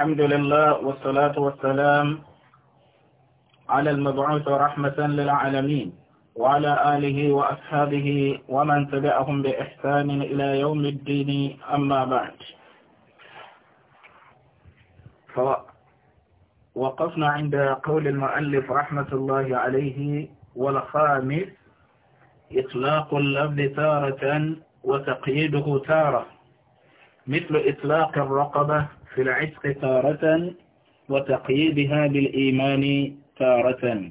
الحمد لله والصلاة والسلام على المبعوث رحمة للعالمين وعلى آله وأصحابه ومن تبعهم بإحسان إلى يوم الدين أما بعد فوقفنا عند قول المؤلف رحمة الله عليه والخامس إطلاق اللفظ تارة وتقييده تارة مثل إطلاق الرقبة في العتق تارة وتقييدها بالإيمان تارة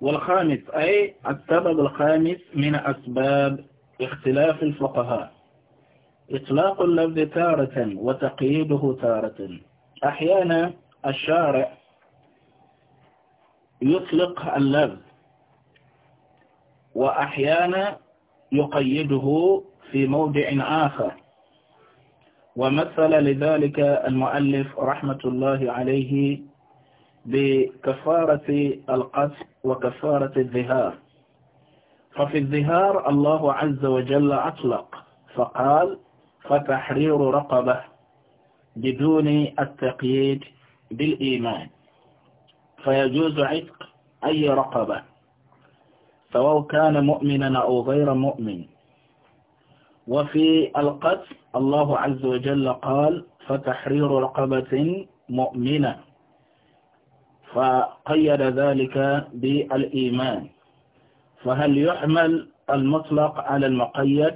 والخامس أي السبب الخامس من أسباب اختلاف الفقهاء إطلاق اللفظ تارة وتقييده تارة أحيانا الشارع يطلق اللفظ وأحيانا يقيده في موضع آخر ومثل لذلك المؤلف رحمة الله عليه بكفارة القتل وكفارة الظهار ففي الظهار الله عز وجل أطلق فقال فتحرير رقبة بدون التقييد بالإيمان فيجوز عتق أي رقبة سواء كان مؤمنا أو غير مؤمن وفي القتل الله عز وجل قال فتحرير رقبة مؤمنة فقيد ذلك بالإيمان فهل يحمل المطلق على المقيد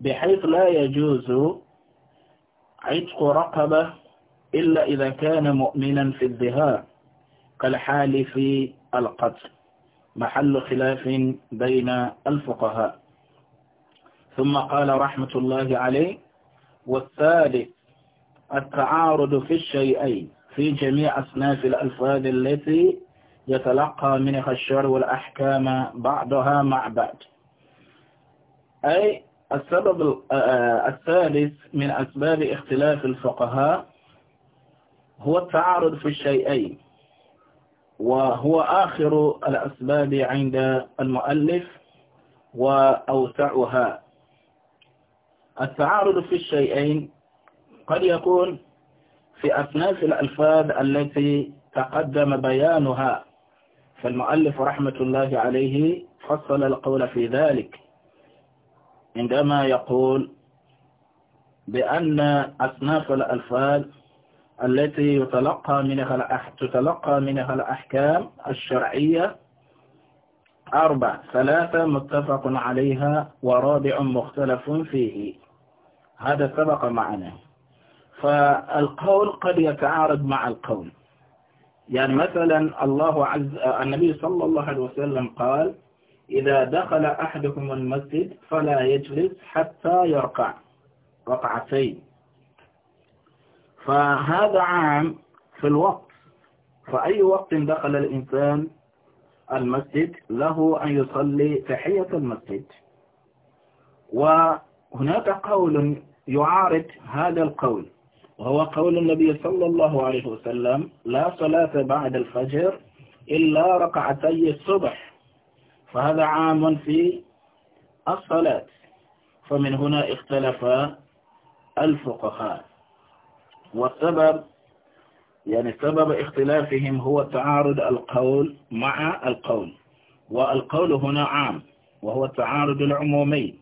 بحيث لا يجوز عتق رقبة إلا إذا كان مؤمنا في الظهار في القتل محل خلاف بين الفقهاء ثم قال رحمة الله عليه والثالث التعارض في الشيئين في جميع أصناف الألفاظ التي يتلقى منها الشر والأحكام بعضها مع بعض أي السبب الثالث من أسباب اختلاف الفقهاء هو التعارض في الشيئين وهو آخر الأسباب عند المؤلف وأوسعها التعارض في الشيئين قد يكون في أصناف الألفاظ التي تقدم بيانها فالمؤلف رحمة الله عليه فصل القول في ذلك عندما يقول بأن أصناف الألفاظ التي يتلقى منها تتلقى منها الأحكام الشرعية أربع ثلاثة متفق عليها ورابع مختلف فيه هذا سبق معنا فالقول قد يتعارض مع القول يعني مثلا الله عز النبي صلى الله عليه وسلم قال إذا دخل أحدكم المسجد فلا يجلس حتى يرقع رقعتين فهذا عام في الوقت فأي وقت دخل الإنسان المسجد له أن يصلي تحية المسجد وهناك قول يعارض هذا القول وهو قول النبي صلى الله عليه وسلم لا صلاة بعد الفجر إلا ركعتي الصبح فهذا عام في الصلاة فمن هنا اختلف الفقهاء والسبب يعني سبب اختلافهم هو تعارض القول مع القول والقول هنا عام وهو التعارض العمومي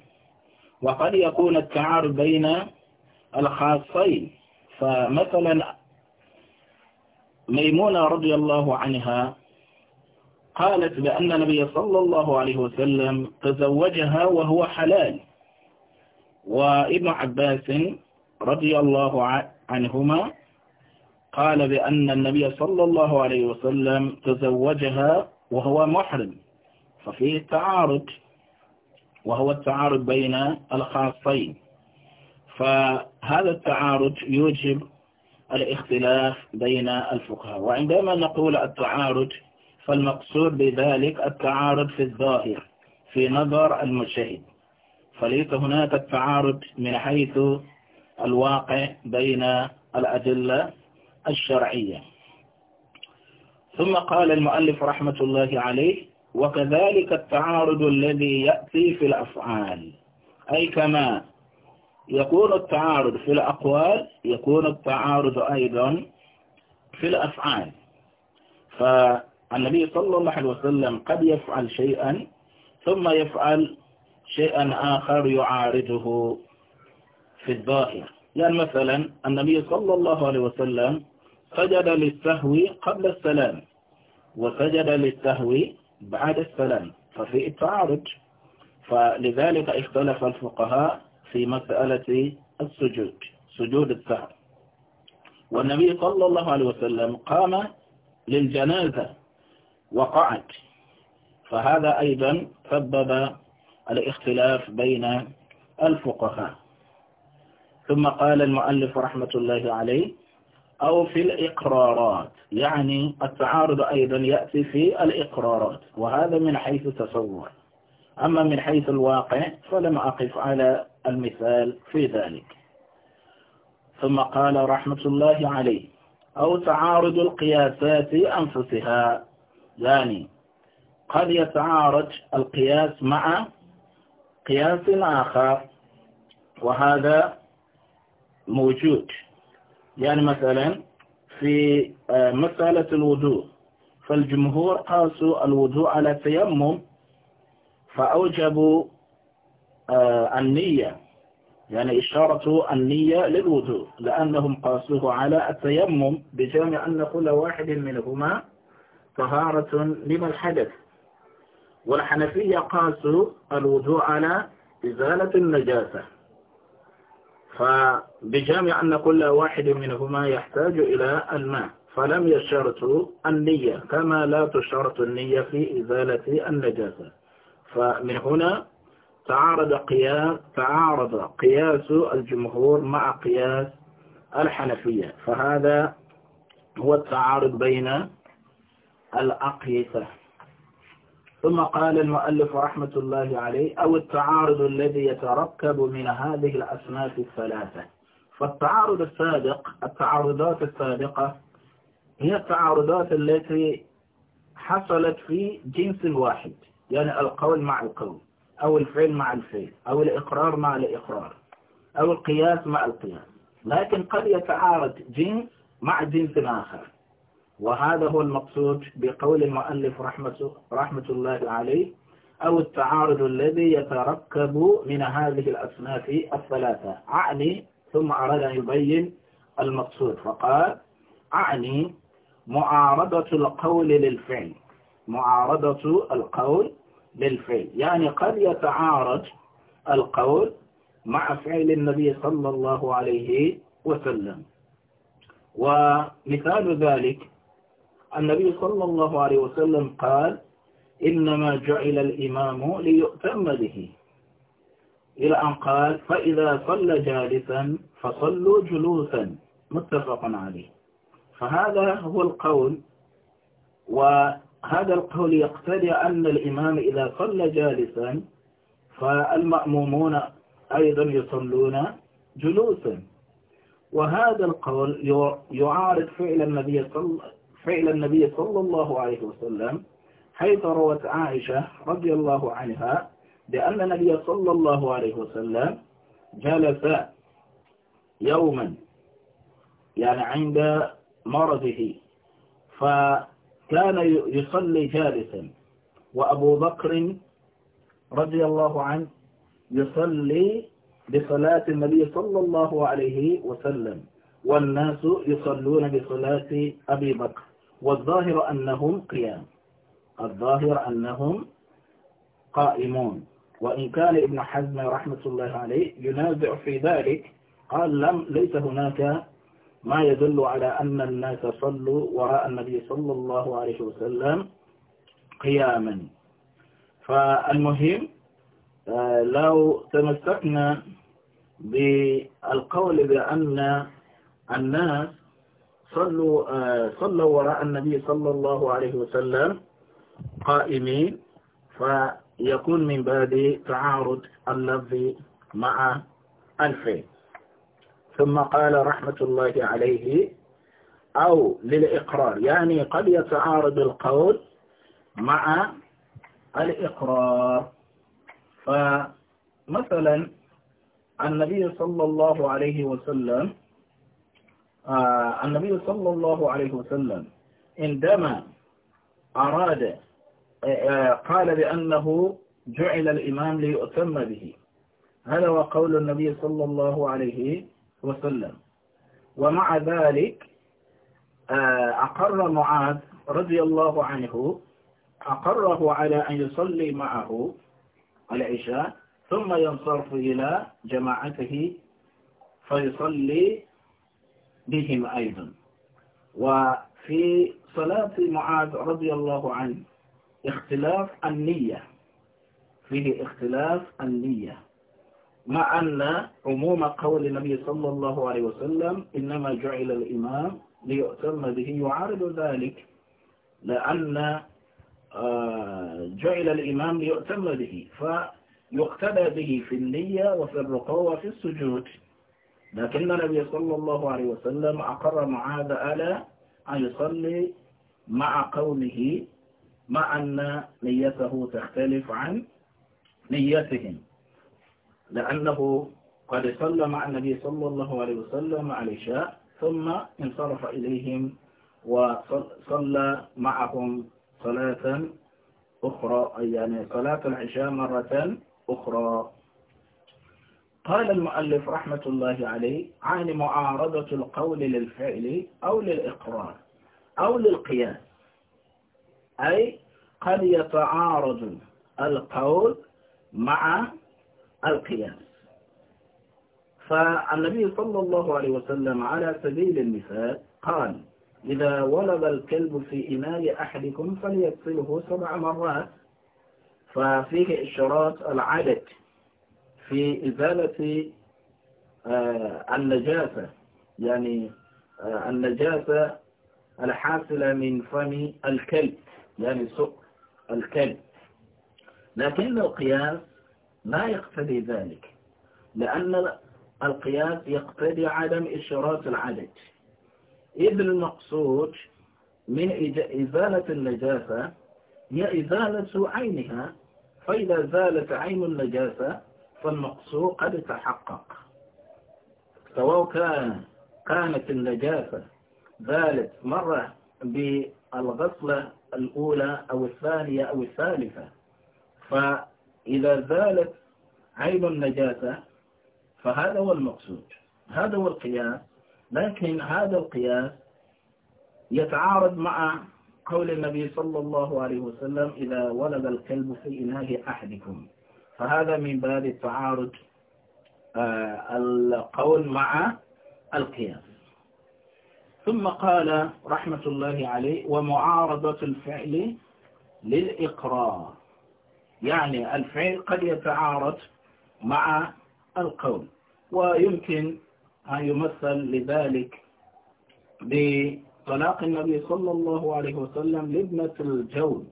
وقد يكون التعارض بين الخاصين فمثلا ميمونة رضي الله عنها قالت بأن النبي صلى الله عليه وسلم تزوجها وهو حلال وابن عباس رضي الله عنهما قال بأن النبي صلى الله عليه وسلم تزوجها وهو محرم ففيه تعارض وهو التعارض بين الخاصين فهذا التعارض يوجب الاختلاف بين الفقهاء وعندما نقول التعارض فالمقصود بذلك التعارض في الظاهر في نظر المجتهد فليس هناك التعارض من حيث الواقع بين الأدلة الشرعية ثم قال المؤلف رحمة الله عليه وكذلك التعارض الذي يأتي في الأفعال أي كما يكون التعارض في الأقوال يكون التعارض أيضا في الأفعال فالنبي صلى الله عليه وسلم قد يفعل شيئا ثم يفعل شيئا آخر يعارضه في الظاهر يعني مثلا النبي صلى الله عليه وسلم سجد للسهو قبل السلام وسجد للسهو بعد السلام ففي التعارض فلذلك اختلف الفقهاء في مسألة السجود سجود السهر والنبي صلى الله عليه وسلم قام للجنازة وقعد فهذا أيضا سبب الاختلاف بين الفقهاء ثم قال المؤلف رحمة الله عليه أو في الإقرارات يعني التعارض أيضا يأتي في الإقرارات وهذا من حيث تصور أما من حيث الواقع فلم أقف على المثال في ذلك ثم قال رحمة الله عليه أو تعارض القياسات أنفسها يعني قد يتعارض القياس مع قياس آخر وهذا موجود يعني مثلا في آه، مسألة الوضوء فالجمهور قاسوا الوضوء على التيمم فأوجبوا آه، النية يعني إشارة النية للوضوء لأنهم قاسوه على التيمم بجمع أن كل واحد منهما طهارة لما الحدث والحنفية قاسوا الوضوء على إزالة النجاسة فبجامع أن كل واحد منهما يحتاج إلى الماء فلم يشترطوا النية كما لا تشترط النية في إزالة النجاسة فمن هنا تعارض قياس تعارض قياس الجمهور مع قياس الحنفية فهذا هو التعارض بين الأقيسة ثم قال المؤلف رحمة الله عليه أو التعارض الذي يتركب من هذه الأصناف الثلاثة فالتعارض السابق التعارضات السابقة هي التعارضات التي حصلت في جنس واحد يعني القول مع القول أو الفعل مع الفعل أو الإقرار مع الإقرار أو القياس مع القياس لكن قد يتعارض جنس مع جنس آخر وهذا هو المقصود بقول المؤلف رحمة, رحمة الله عليه أو التعارض الذي يتركب من هذه الأصناف الثلاثة أعني ثم أراد أن يبين المقصود فقال أعني معارضة القول للفعل معارضة القول للفعل يعني قد يتعارض القول مع فعل النبي صلى الله عليه وسلم ومثال ذلك النبي صلى الله عليه وسلم قال إنما جعل الإمام ليؤتم به إلى أن قال فإذا صلى جالسا فصلوا جلوسا متفق عليه فهذا هو القول وهذا القول يقتضي أن الإمام إذا صلى جالسا فالمأمومون أيضا يصلون جلوسا وهذا القول يعارض فعل النبي صلى الله عليه وسلم فعل النبي صلى الله عليه وسلم حيث روت عائشة رضي الله عنها بأن النبي صلى الله عليه وسلم جلس يوما يعني عند مرضه فكان يصلي جالسا وأبو بكر رضي الله عنه يصلي بصلاة النبي صلى الله عليه وسلم والناس يصلون بصلاة أبي بكر والظاهر أنهم قيام الظاهر أنهم قائمون وإن كان ابن حزم رحمة الله عليه ينازع في ذلك قال لم ليس هناك ما يدل على أن الناس صلوا وراء النبي صلى الله عليه وسلم قياما فالمهم آه، لو تمسكنا بالقول بأن الناس صلوا آه، صلوا وراء النبي صلى الله عليه وسلم قائمين فيكون من باب تعارض اللفظ مع الفعل ثم قال رحمة الله عليه أو للإقرار يعني قد يتعارض القول مع الإقرار فمثلا النبي صلى الله عليه وسلم آه، النبي صلى الله عليه وسلم عندما أراد آه، آه، قال بأنه جعل الإمام ليؤتم به هذا هو قول النبي صلى الله عليه وسلم ومع ذلك أقر معاذ رضي الله عنه أقره على أن يصلي معه العشاء ثم ينصرف إلى جماعته فيصلي بهم أيضا وفي صلاة معاذ رضي الله عنه اختلاف النية فيه اختلاف النية مع أن عموم قول النبي صلى الله عليه وسلم إنما جعل الإمام ليؤتم به يعارض ذلك لأن آه، جعل الإمام ليؤتم به فيقتدى به في النية وفي الرقوة وفي السجود لكن النبي صلى الله عليه وسلم أقر معاذ على أن يصلي مع قومه مع أن نيته تختلف عن نيتهم لأنه قد صلى مع النبي صلى الله عليه وسلم على العشاء ثم انصرف إليهم وصلى معهم صلاة أخرى يعني صلاة العشاء مرة أخرى قال المؤلف رحمة الله عليه عن معارضة القول للفعل أو للإقرار أو للقياس أي قد يتعارض القول مع القياس فالنبي صلى الله عليه وسلم على سبيل المثال قال إذا ولد الكلب في إناء أحدكم فليغسله سبع مرات ففيه إشارات العدد في إزالة آه، النجاسة يعني آه، النجاسة الحاصلة من فم الكلب يعني سوق الكلب لكن القياس لا يقتضي ذلك لأن القياس يقتضي عدم إشراط العدد إذ المقصود من إزالة النجاسة هي إزالة عينها فإذا زالت عين النجاسة فالمقصود قد تحقق سواء كان كانت النجاسة زالت مرة بالغسلة الأولى أو الثانية أو الثالثة فإذا زالت عين النجاسة فهذا هو المقصود هذا هو القياس لكن هذا القياس يتعارض مع قول النبي صلى الله عليه وسلم إذا ولد الكلب في إناء أحدكم فهذا من باب التعارض آه، القول مع القياس ثم قال رحمة الله عليه ومعارضة الفعل للإقرار يعني الفعل قد يتعارض مع القول ويمكن أن يمثل لذلك بطلاق النبي صلى الله عليه وسلم لابنة الجول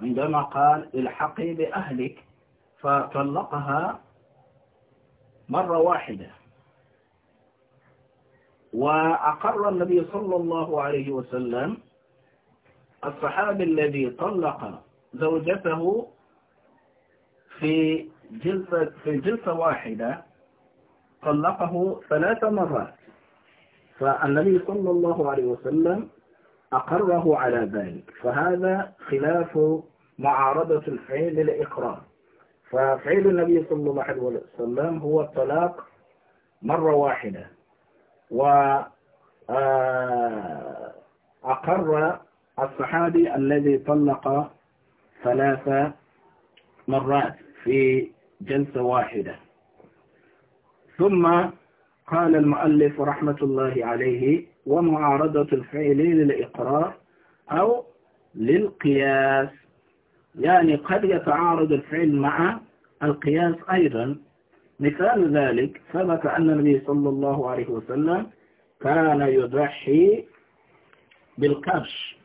عندما قال الحقي بأهلك فطلقها مرة واحدة وأقر النبي صلى الله عليه وسلم الصحابي الذي طلق زوجته في جلسة, في جلسة واحدة طلقه ثلاث مرات فالنبي صلى الله عليه وسلم أقره على ذلك فهذا خلاف معارضة الفعل للإقرار ففعل النبي صلى الله عليه وسلم هو الطلاق مرة واحدة و آه، أقر الصحابي الذي طلق ثلاث مرات في جلسة واحدة ثم قال المؤلف رحمة الله عليه ومعارضة الفعل للإقرار أو للقياس يعني قد يتعارض الفعل مع القياس أيضا مثال ذلك ثبت أن النبي صلى الله عليه وسلم كان يضحي بالكبش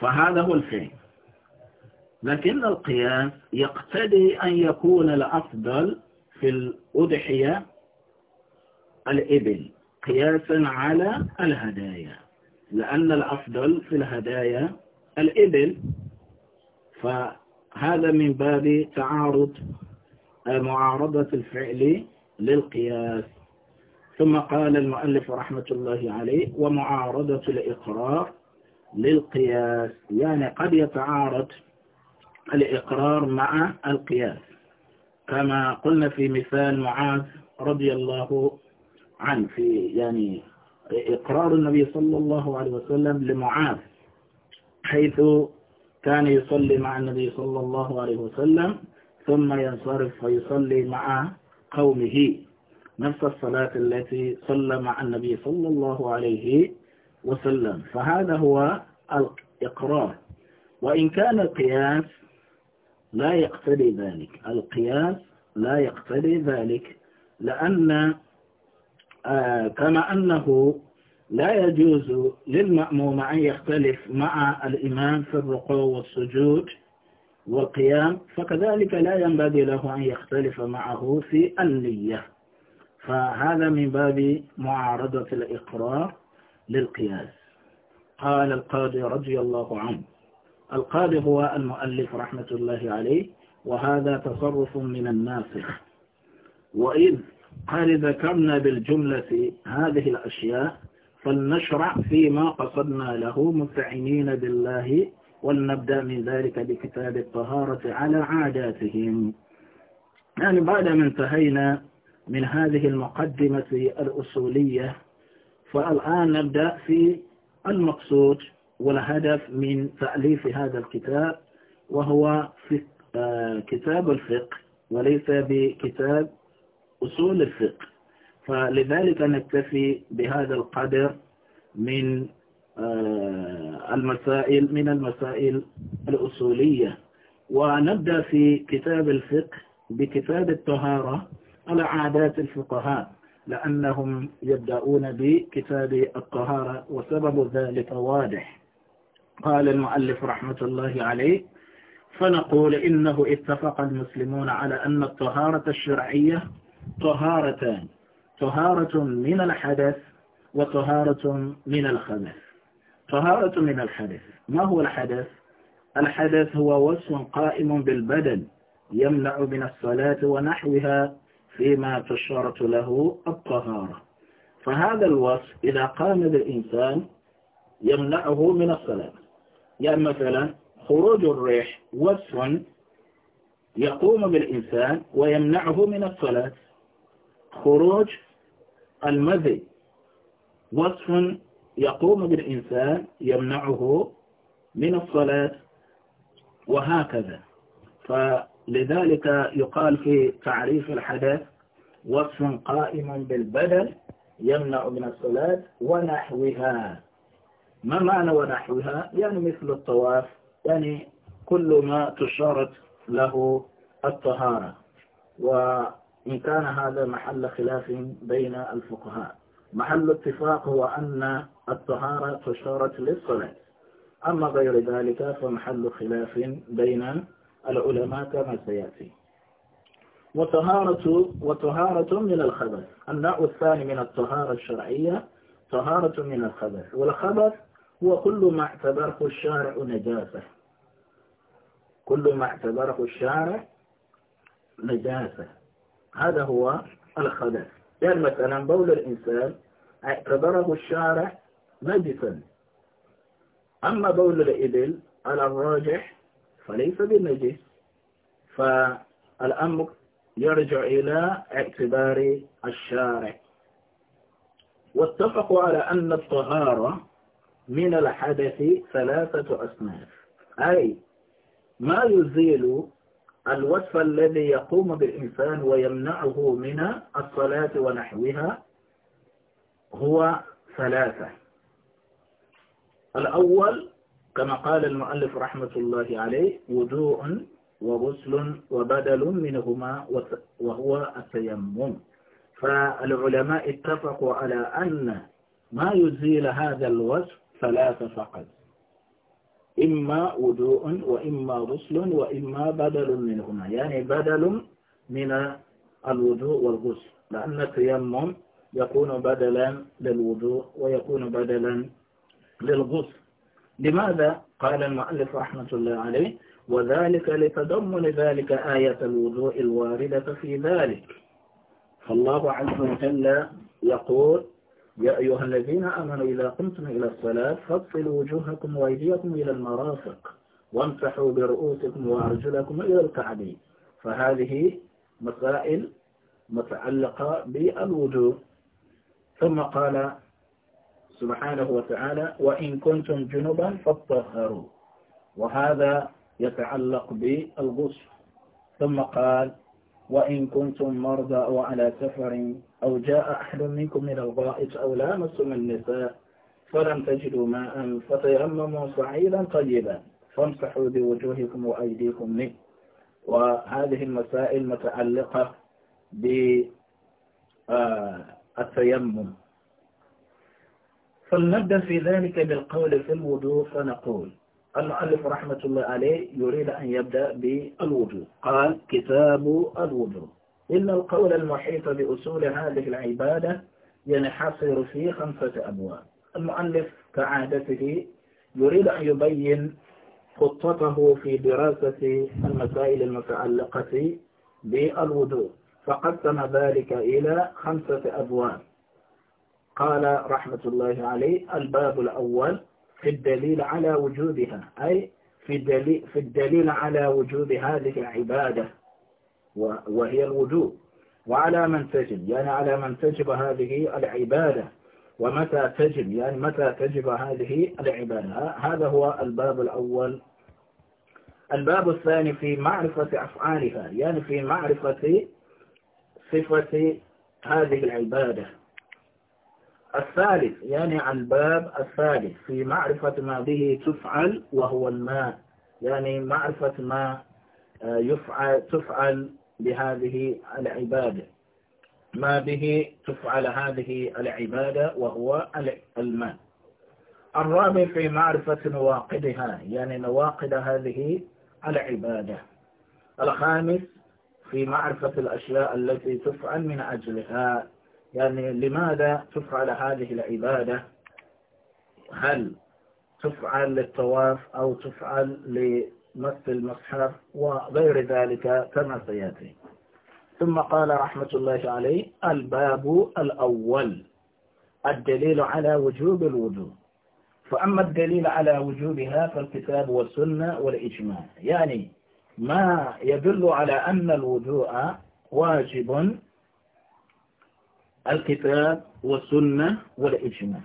فهذا هو الفعل لكن القياس يقتضي أن يكون الأفضل في الأضحية الإبل قياسا على الهدايا لأن الأفضل في الهدايا الإبل فهذا من باب تعارض معارضة الفعل للقياس ثم قال المؤلف رحمة الله عليه ومعارضة الإقرار للقياس يعني قد يتعارض الإقرار مع القياس كما قلنا في مثال معاذ رضي الله عنه في يعني إقرار النبي صلى الله عليه وسلم لمعاذ حيث كان يصلي مع النبي صلى الله عليه وسلم ثم ينصرف فيصلي مع قومه نفس الصلاة التي صلى مع النبي صلى الله عليه وسلم فهذا هو الإقرار وإن كان القياس لا يقتضي ذلك القياس لا يقتضي ذلك لأن آه، كما أنه لا يجوز للمأموم أن يختلف مع الإمام في الرقوع والسجود والقيام فكذلك لا ينبغي له أن يختلف معه في النية فهذا من باب معارضة الإقرار للقياس قال القاضي رضي الله عنه القاضي هو المؤلف رحمة الله عليه وهذا تصرف من الناسخ وإذ قال ذكرنا بالجملة هذه الأشياء فلنشرع فيما قصدنا له مستعينين بالله ولنبدأ من ذلك بكتاب الطهارة على عاداتهم يعني بعدما انتهينا من هذه المقدمة الأصولية فالآن نبدأ في المقصود والهدف من تأليف هذا الكتاب وهو في آه، كتاب الفقه وليس بكتاب أصول الفقه فلذلك نكتفي بهذا القدر من آه، المسائل من المسائل الأصولية ونبدأ في كتاب الفقه بكتاب الطهارة على عادات الفقهاء لأنهم يبدأون بكتاب الطهارة وسبب ذلك واضح قال المؤلف رحمة الله عليه فنقول إنه اتفق المسلمون على أن الطهارة الشرعية طهارتان طهارة من الحدث وطهارة من الخبث طهارة من الحدث ما هو الحدث؟ الحدث هو وصف قائم بالبدن يمنع من الصلاة ونحوها فيما تشارت له الطهارة فهذا الوصف إذا قام بالإنسان يمنعه من الصلاة يعني مثلا خروج الريح وصف يقوم بالإنسان ويمنعه من الصلاة خروج المذي وصف يقوم بالإنسان يمنعه من الصلاة وهكذا فلذلك يقال في تعريف الحدث وصف قائم بالبدل يمنع من الصلاة ونحوها ما معنى ونحوها يعني مثل الطواف يعني كل ما تشارت له الطهارة و إن كان هذا محل خلاف بين الفقهاء محل اتفاق هو أن الطهارة تشارت للصلاة أما غير ذلك فمحل خلاف بين العلماء كما سيأتي وطهارة, وطهارة من الخبث النوع الثاني من الطهارة الشرعية طهارة من الخبث والخبث هو كل ما اعتبره الشارع نجاسة كل ما اعتبره الشارع نجاسة هذا هو الخبث يعني مثلا بول الإنسان اعتبره الشارع نجسا أما بول الإبل على الراجح فليس بنجس فالأمر يرجع إلى اعتبار الشارع واتفقوا على أن الطهارة من الحدث ثلاثة أصناف أي ما يزيل الوصف الذي يقوم بالإنسان ويمنعه من الصلاة ونحوها هو ثلاثة الأول كما قال المؤلف رحمة الله عليه وجوء وغسل وبدل منهما وهو التيمم فالعلماء اتفقوا على أن ما يزيل هذا الوصف ثلاثة فقط إما وضوء وإما غسل وإما بدل منهما يعني بدل من الوضوء والغسل لأن التيمم يكون بدلا للوضوء ويكون بدلا للغسل لماذا قال المؤلف رحمة الله عليه وذلك لتضمن ذلك آية الوضوء الواردة في ذلك فالله عز وجل يقول يا أيها الذين آمنوا إذا قمتم إلى الصلاة فاصلوا وجوهكم وأيديكم إلى المرافق وامسحوا برؤوسكم وأرجلكم إلى الكعبين فهذه مسائل متعلقة بالوجوه ثم قال سبحانه وتعالى وإن كنتم جنبا فاطهروا وهذا يتعلق بالغسل ثم قال وإن كنتم مرضى أو على سفر أو جاء أحد منكم من الغائط أو لامستم النساء فلم تجدوا ماء فتيمموا صعيدا طيبا فامسحوا بوجوهكم وأيديكم منه وهذه المسائل متعلقة بالتيمم آه، فلنبدأ في ذلك بالقول في الوضوء فنقول المؤلف رحمة الله عليه يريد أن يبدأ بالوجود قال كتاب الوجود إن القول المحيط بأصول هذه العبادة ينحصر في خمسة أبواب المؤلف كعادته يريد أن يبين خطته في دراسة المسائل المتعلقة بالوجود فقسم ذلك إلى خمسة أبواب قال رحمة الله عليه الباب الأول في الدليل على وجودها أي في الدليل, في الدليل على وجود هذه العبادة وهي الوجوب وعلى من تجب يعني على من تجب هذه العبادة ومتى تجب يعني متى تجب هذه العبادة هذا هو الباب الأول الباب الثاني في معرفة أفعالها يعني في معرفة صفة هذه العبادة الثالث يعني الباب الثالث في معرفة ما به تفعل وهو الماء يعني معرفة ما آه، يفعل تفعل بهذه العبادة ما به تفعل هذه العبادة وهو الماء الرابع في معرفة نواقدها يعني نواقد هذه العبادة الخامس في معرفة الأشياء التي تفعل من أجلها يعني لماذا تفعل هذه العبادة هل تفعل للطواف أو تفعل لمس المصحف وغير ذلك كما سيأتي ثم قال رحمة الله عليه الباب الأول الدليل على وجوب الوضوء فأما الدليل على وجوبها فالكتاب والسنة والإجماع يعني ما يدل على أن الوضوء واجب الكتاب والسنة والإجماع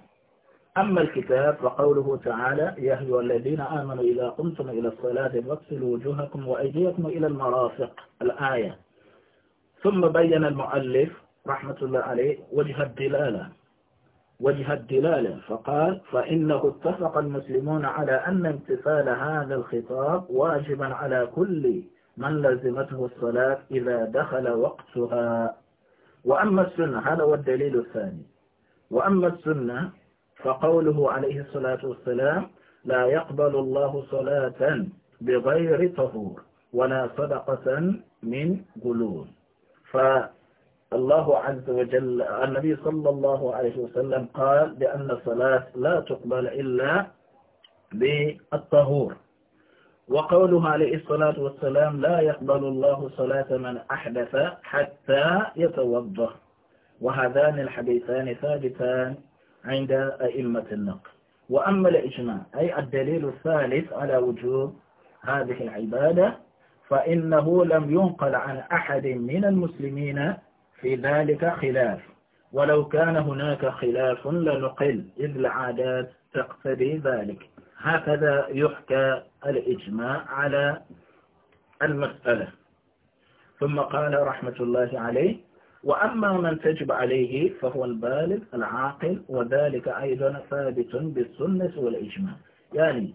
أما الكتاب فقوله تعالى يا أيها الذين آمنوا إذا قمتم إلى الصلاة فاغسلوا وجوهكم وأيديكم إلى المرافق الآية ثم بين المؤلف رحمة الله عليه وجه الدلالة وجه الدلالة فقال فإنه اتفق المسلمون على أن امتثال هذا الخطاب واجبا على كل من لزمته الصلاة إذا دخل وقتها وأما السنة هذا هو الدليل الثاني وأما السنة فقوله عليه الصلاة والسلام لا يقبل الله صلاة بغير طهور ولا صدقة من قلوب فالله عز وجل النبي صلى الله عليه وسلم قال بأن الصلاة لا تقبل إلا بالطهور وقولها عليه الصلاة والسلام لا يقبل الله صلاة من أحدث حتى يتوضأ وهذان الحديثان ثابتان عند أئمة النقل وأما الإجماع أي الدليل الثالث على وجوب هذه العبادة فإنه لم ينقل عن أحد من المسلمين في ذلك خلاف ولو كان هناك خلاف لنقل إذ العادات تقتضي ذلك هكذا يحكى الإجماع على المسألة ثم قال رحمة الله عليه وأما من تجب عليه فهو البالغ العاقل وذلك أيضا ثابت بالسنة والإجماع يعني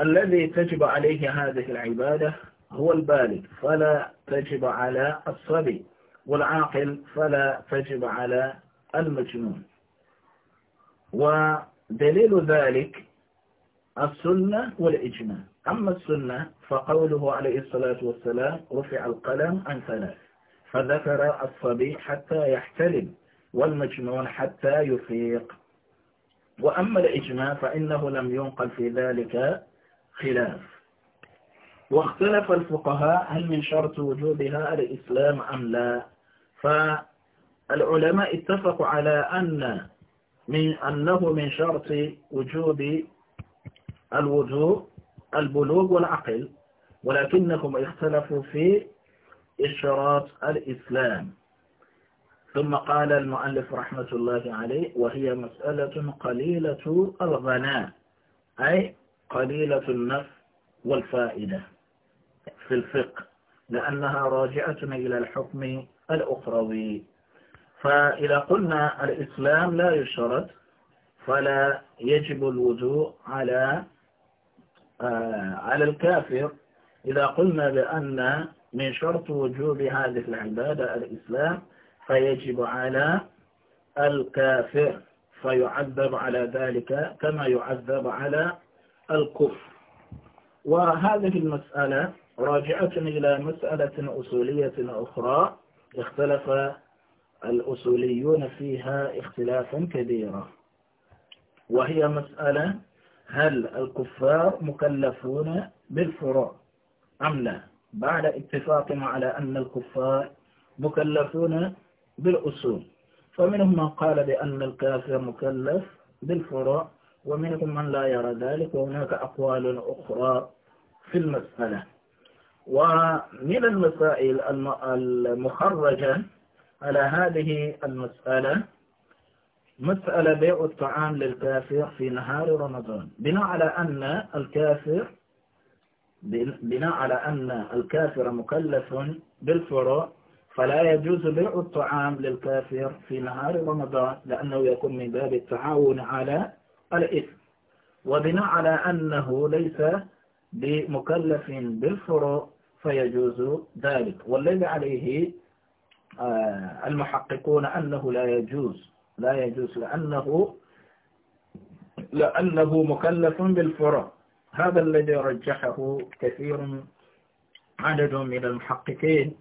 الذي تجب عليه هذه العبادة هو البالغ فلا تجب على الصبي والعاقل فلا تجب على المجنون ودليل ذلك السنة والإجماع أما السنة فقوله عليه الصلاة والسلام رفع القلم عن ثلاث فذكر الصبي حتى يحتلم والمجنون حتى يفيق وأما الإجماع فإنه لم ينقل في ذلك خلاف واختلف الفقهاء هل من شرط وجودها الإسلام أم لا فالعلماء اتفقوا على أن من أنه من شرط وجود الوجوب البلوغ والعقل ولكنهم اختلفوا في إشارات الإسلام ثم قال المؤلف رحمة الله عليه وهي مسألة قليلة الغناء أي قليلة النفع والفائدة في الفقه لأنها راجعة إلى الحكم الأخروي فإذا قلنا الإسلام لا يشترط فلا يجب الوضوء على آه، على الكافر إذا قلنا بأن من شرط وجوب هذه العبادة الإسلام فيجب على الكافر فيعذب على ذلك كما يعذب على الكفر وهذه المسألة راجعة إلى مسألة أصولية أخرى اختلف الأصوليون فيها اختلافا كبيرا وهي مسألة هل الكفار مكلفون بالفروع أم لا بعد اتفاقنا على أن الكفار مكلفون بالأصول فمنهم من قال بأن الكافر مكلف بالفروع ومنهم من لا يرى ذلك وهناك أقوال أخرى في المسألة ومن المسائل المخرجة على هذه المسألة مسألة بيع الطعام للكافر في نهار رمضان بناء على أن الكافر بناء على أن الكافر مكلف بالفروع فلا يجوز بيع الطعام للكافر في نهار رمضان لأنه يكون من باب التعاون على الإثم وبناء على أنه ليس بمكلف بالفروع فيجوز ذلك والذي عليه آه، المحققون أنه لا يجوز لا يجوز لأنه لأنه مكلف بالفرع هذا الذي رجحه كثير عدد من المحققين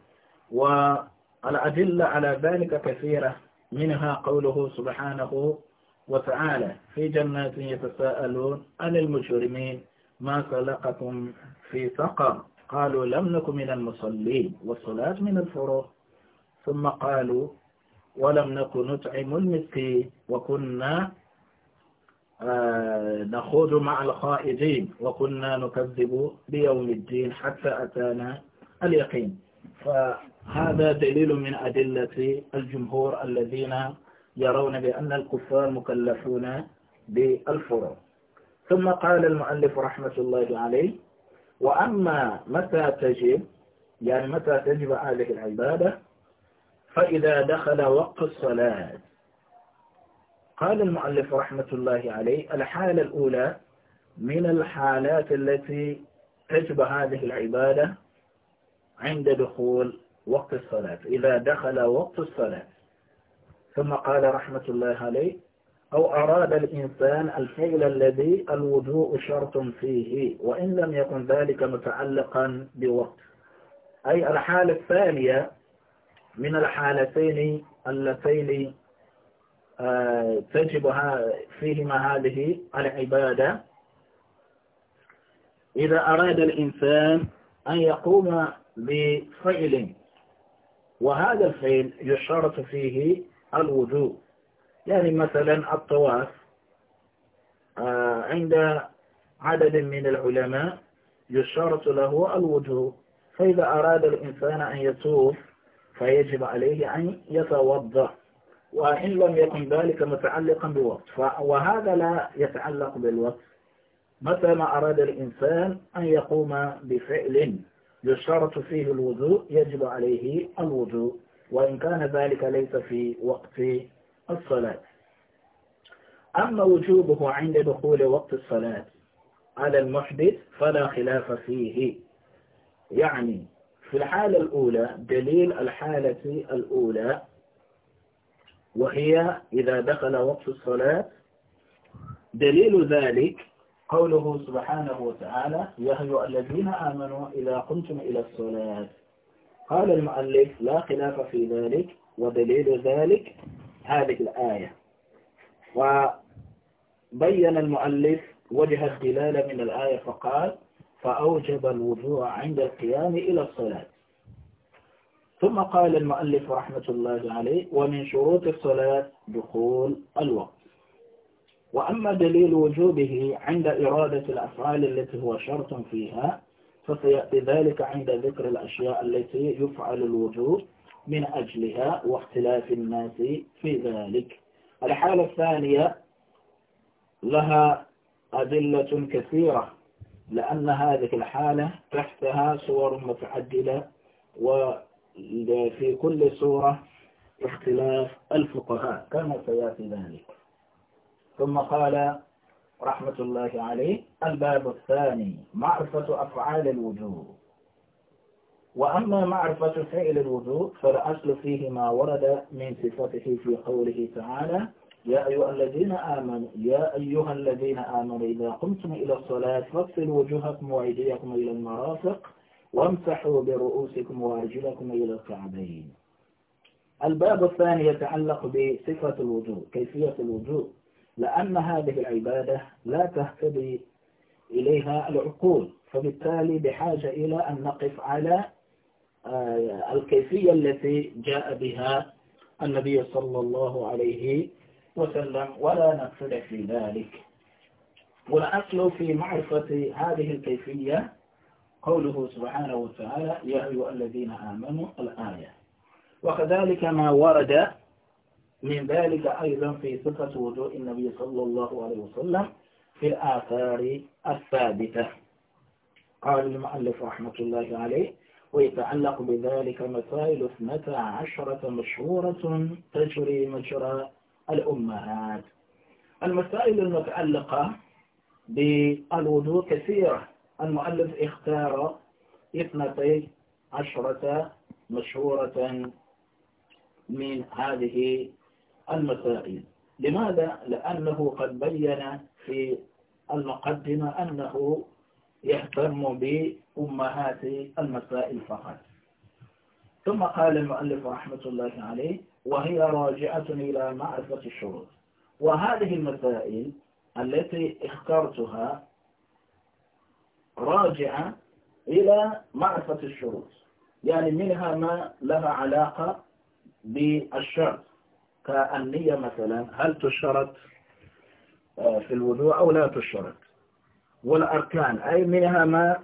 والأدلة على ذلك كثيرة منها قوله سبحانه وتعالى في جنات يتساءلون عن المجرمين ما سلقكم في سقر قالوا لم نكن من المصلين والصلاة من الفروع ثم قالوا ولم نكن نطعم المسكين وكنا آه، نخوض مع الخائضين وكنا نكذب بيوم الدين حتى أتانا اليقين فهذا دليل من أدلة الجمهور الذين يرون بأن الكفار مكلفون بالفروع ثم قال المؤلف رحمة الله عليه وأما متى تجب يعني متى تجب عليه العبادة فإذا دخل وقت الصلاة قال المؤلف رحمة الله عليه الحالة الأولى من الحالات التي تجب هذه العبادة عند دخول وقت الصلاة إذا دخل وقت الصلاة ثم قال رحمة الله عليه أو أراد الإنسان الفعل الذي الوضوء شرط فيه وإن لم يكن ذلك متعلقا بوقت أي الحالة الثانية من الحالتين اللتين آه، تجب فيهما هذه العبادة إذا أراد الإنسان أن يقوم بفعل وهذا الفعل يشترط فيه الوجوب يعني مثلا الطواف آه، عند عدد من العلماء يشترط له الوجوب فإذا أراد الإنسان أن يطوف فيجب عليه أن يتوضأ وإن لم يكن ذلك متعلقا بوقت وهذا لا يتعلق بالوقت متى ما أراد الإنسان أن يقوم بفعل يشترط فيه الوضوء يجب عليه الوضوء وإن كان ذلك ليس في وقت الصلاة أما وجوبه عند دخول وقت الصلاة على المحدث فلا خلاف فيه يعني في الحالة الأولى دليل الحالة الأولى وهي إذا دخل وقت الصلاة دليل ذلك قوله سبحانه وتعالى يا أيها الذين آمنوا إذا قمتم إلى الصلاة قال المؤلف لا خلاف في ذلك ودليل ذلك هذه الآية وبين المؤلف وجه الدلالة من الآية فقال فأوجب الوضوء عند القيام إلى الصلاة ثم قال المؤلف رحمة الله عليه ومن شروط الصلاة دخول الوقت وأما دليل وجوبه عند إرادة الأفعال التي هو شرط فيها فسيأتي ذلك عند ذكر الأشياء التي يفعل الوجوب من أجلها واختلاف الناس في ذلك الحالة الثانية لها أدلة كثيرة لأن هذه الحالة تحتها صور متعددة وفي كل صورة اختلاف الفقهاء كما سيأتي ذلك ثم قال رحمة الله عليه الباب الثاني معرفة أفعال الوجود وأما معرفة فعل الوجود فالأصل فيه ما ورد من صفته في قوله تعالى يا أيها الذين آمنوا يا أيها الذين آمنوا إذا قمتم إلى الصلاة فاغسلوا وجوهكم وأيديكم إلى المرافق وامسحوا برؤوسكم وأرجلكم إلى الكعبين الباب الثاني يتعلق بصفة الوضوء كيفية الوضوء لأن هذه العبادة لا تهتدي إليها العقول فبالتالي بحاجة إلى أن نقف على آه، الكيفية التي جاء بها النبي صلى الله عليه وسلم ولا نقصد في ذلك والأصل في معرفة هذه الكيفية قوله سبحانه وتعالى يا أيها الذين آمنوا الآية وكذلك ما ورد من ذلك أيضا في صفة وضوء النبي صلى الله عليه وسلم في الآثار الثابتة قال المؤلف رحمة الله عليه ويتعلق بذلك مسائل اثنتا عشرة مشهورة تجري مجرى الأمهات المسائل المتعلقة بالوضوء كثيرة المؤلف اختار اثنتي عشرة مشهورة من هذه المسائل لماذا؟ لأنه قد بين في المقدمة أنه يهتم بأمهات المسائل فقط ثم قال المؤلف رحمة الله عليه وهي راجعة إلى معرفة الشروط وهذه المسائل التي اخترتها راجعة إلى معرفة الشروط يعني منها ما لها علاقة بالشرط كالنية مثلا هل تشرط في الوضوء أو لا تشرط والأركان أي منها ما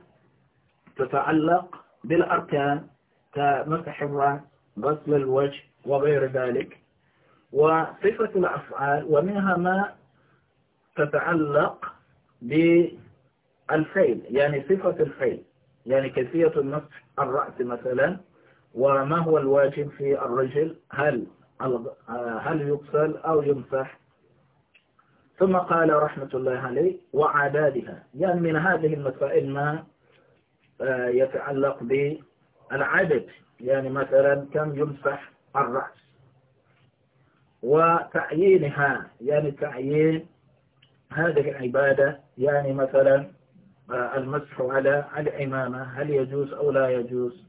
تتعلق بالأركان كمسح الرأس غسل الوجه وغير ذلك وصفة الأفعال ومنها ما تتعلق بالفعل يعني صفة الفعل يعني كيفية النصح الرأس مثلا وما هو الواجب في الرجل هل هل يقسل أو يمسح ثم قال رحمة الله عليه وعدادها يعني من هذه المسائل ما آه، يتعلق بالعدد يعني مثلا كم يمسح الرأس وتعيينها يعني تعيين هذه العبادة يعني مثلا آه، المسح على العمامة هل يجوز أو لا يجوز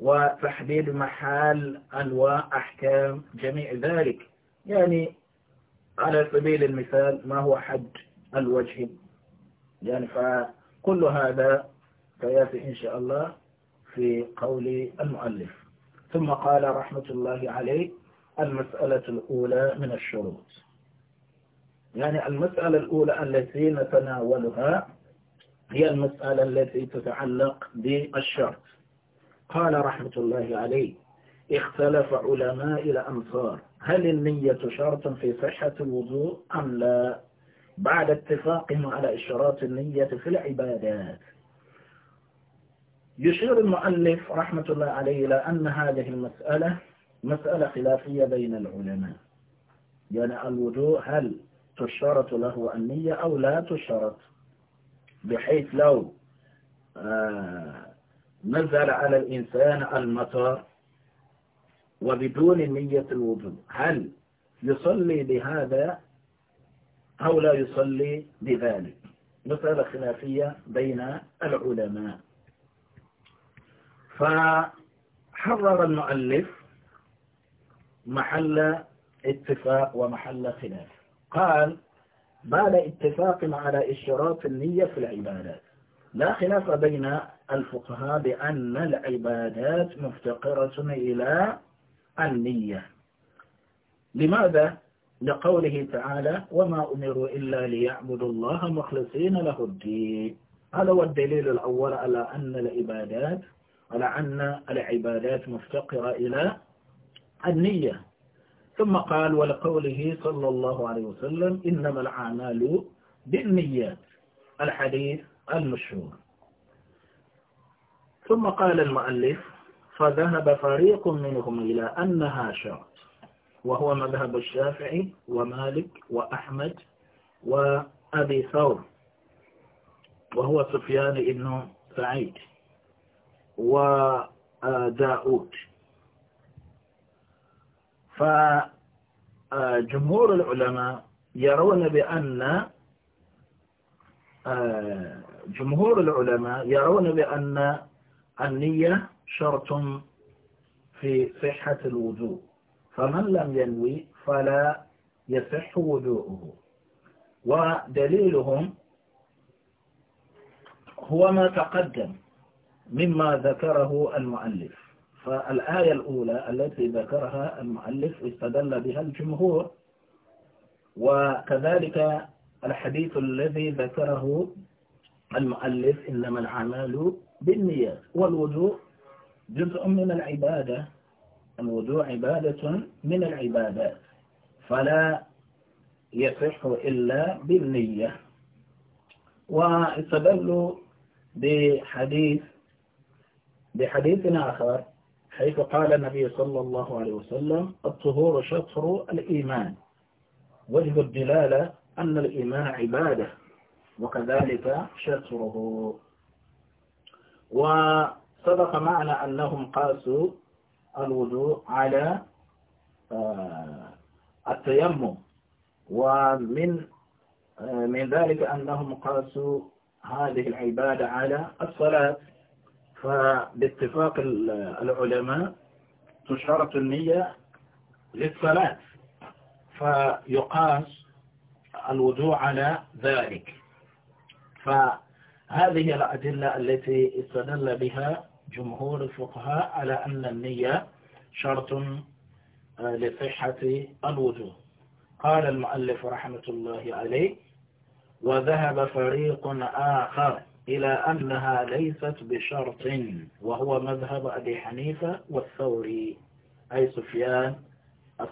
وتحديد محال أنواع أحكام جميع ذلك يعني على سبيل المثال ما هو حد الوجه يعني فكل هذا سيأتي إن شاء الله في قول المؤلف ثم قال رحمة الله عليه المسألة الأولى من الشروط يعني المسألة الأولى التي نتناولها هي المسألة التي تتعلق بالشرط قال رحمة الله عليه اختلف علماء الأمصار هل النية شرط في صحة الوضوء أم لا بعد اتفاقهم على إشراط النية في العبادات يشير المؤلف رحمة الله عليه إلى أن هذه المسألة مسألة خلافية بين العلماء يعني الوضوء هل تشترط له النية أو لا تشترط بحيث لو آه، نزل على الإنسان المطر وبدون نية الوضوء هل يصلي بهذا أو لا يصلي بذلك مسألة خلافية بين العلماء فحرر المؤلف محل اتفاق ومحل خلاف قال بعد اتفاق على اشتراط النية في العبادات لا خلاف بين الفقهاء بأن العبادات مفتقرة إلى النية لماذا؟ لقوله تعالى وما أمروا إلا ليعبدوا الله مخلصين له الدين هذا هو الدليل الأول على أن العبادات ولعن العبادات مفتقرة إلى النية ثم قال ولقوله صلى الله عليه وسلم إنما الأعمال بالنيات الحديث المشهور ثم قال المؤلف فذهب فريق منهم إلى أنها شرط وهو مذهب الشافعي ومالك وأحمد وأبي ثور وهو سفيان بن سعيد وداود فجمهور العلماء يرون بأن آه، جمهور العلماء يرون بأن النية شرط في صحة الوضوء فمن لم ينوي فلا يصح وضوءه ودليلهم هو ما تقدم مما ذكره المؤلف فالآية الأولى التي ذكرها المؤلف استدل بها الجمهور وكذلك الحديث الذي ذكره المؤلف إنما العمال بالنيات والوجوء جزء من العبادة الوجوء عبادة من العبادات فلا يصح إلا بالنية واستدلوا بحديث بحديث آخر حيث قال النبي صلى الله عليه وسلم الطهور شطر الإيمان وجه الدلالة أن الإيمان عبادة وكذلك شطره وصدق معنى أنهم قاسوا الوضوء على آه، التيمم ومن آه، من ذلك أنهم قاسوا هذه العبادة على الصلاة فباتفاق العلماء تشترط النية للصلاة فيقاس الوضوء على ذلك فهذه الأدلة التي استدل بها جمهور الفقهاء على أن النية شرط آه، لصحة الوضوء قال المؤلف رحمة الله عليه وذهب فريق آخر إلى أنها ليست بشرط وهو مذهب أبي حنيفة والثوري أي سفيان آه،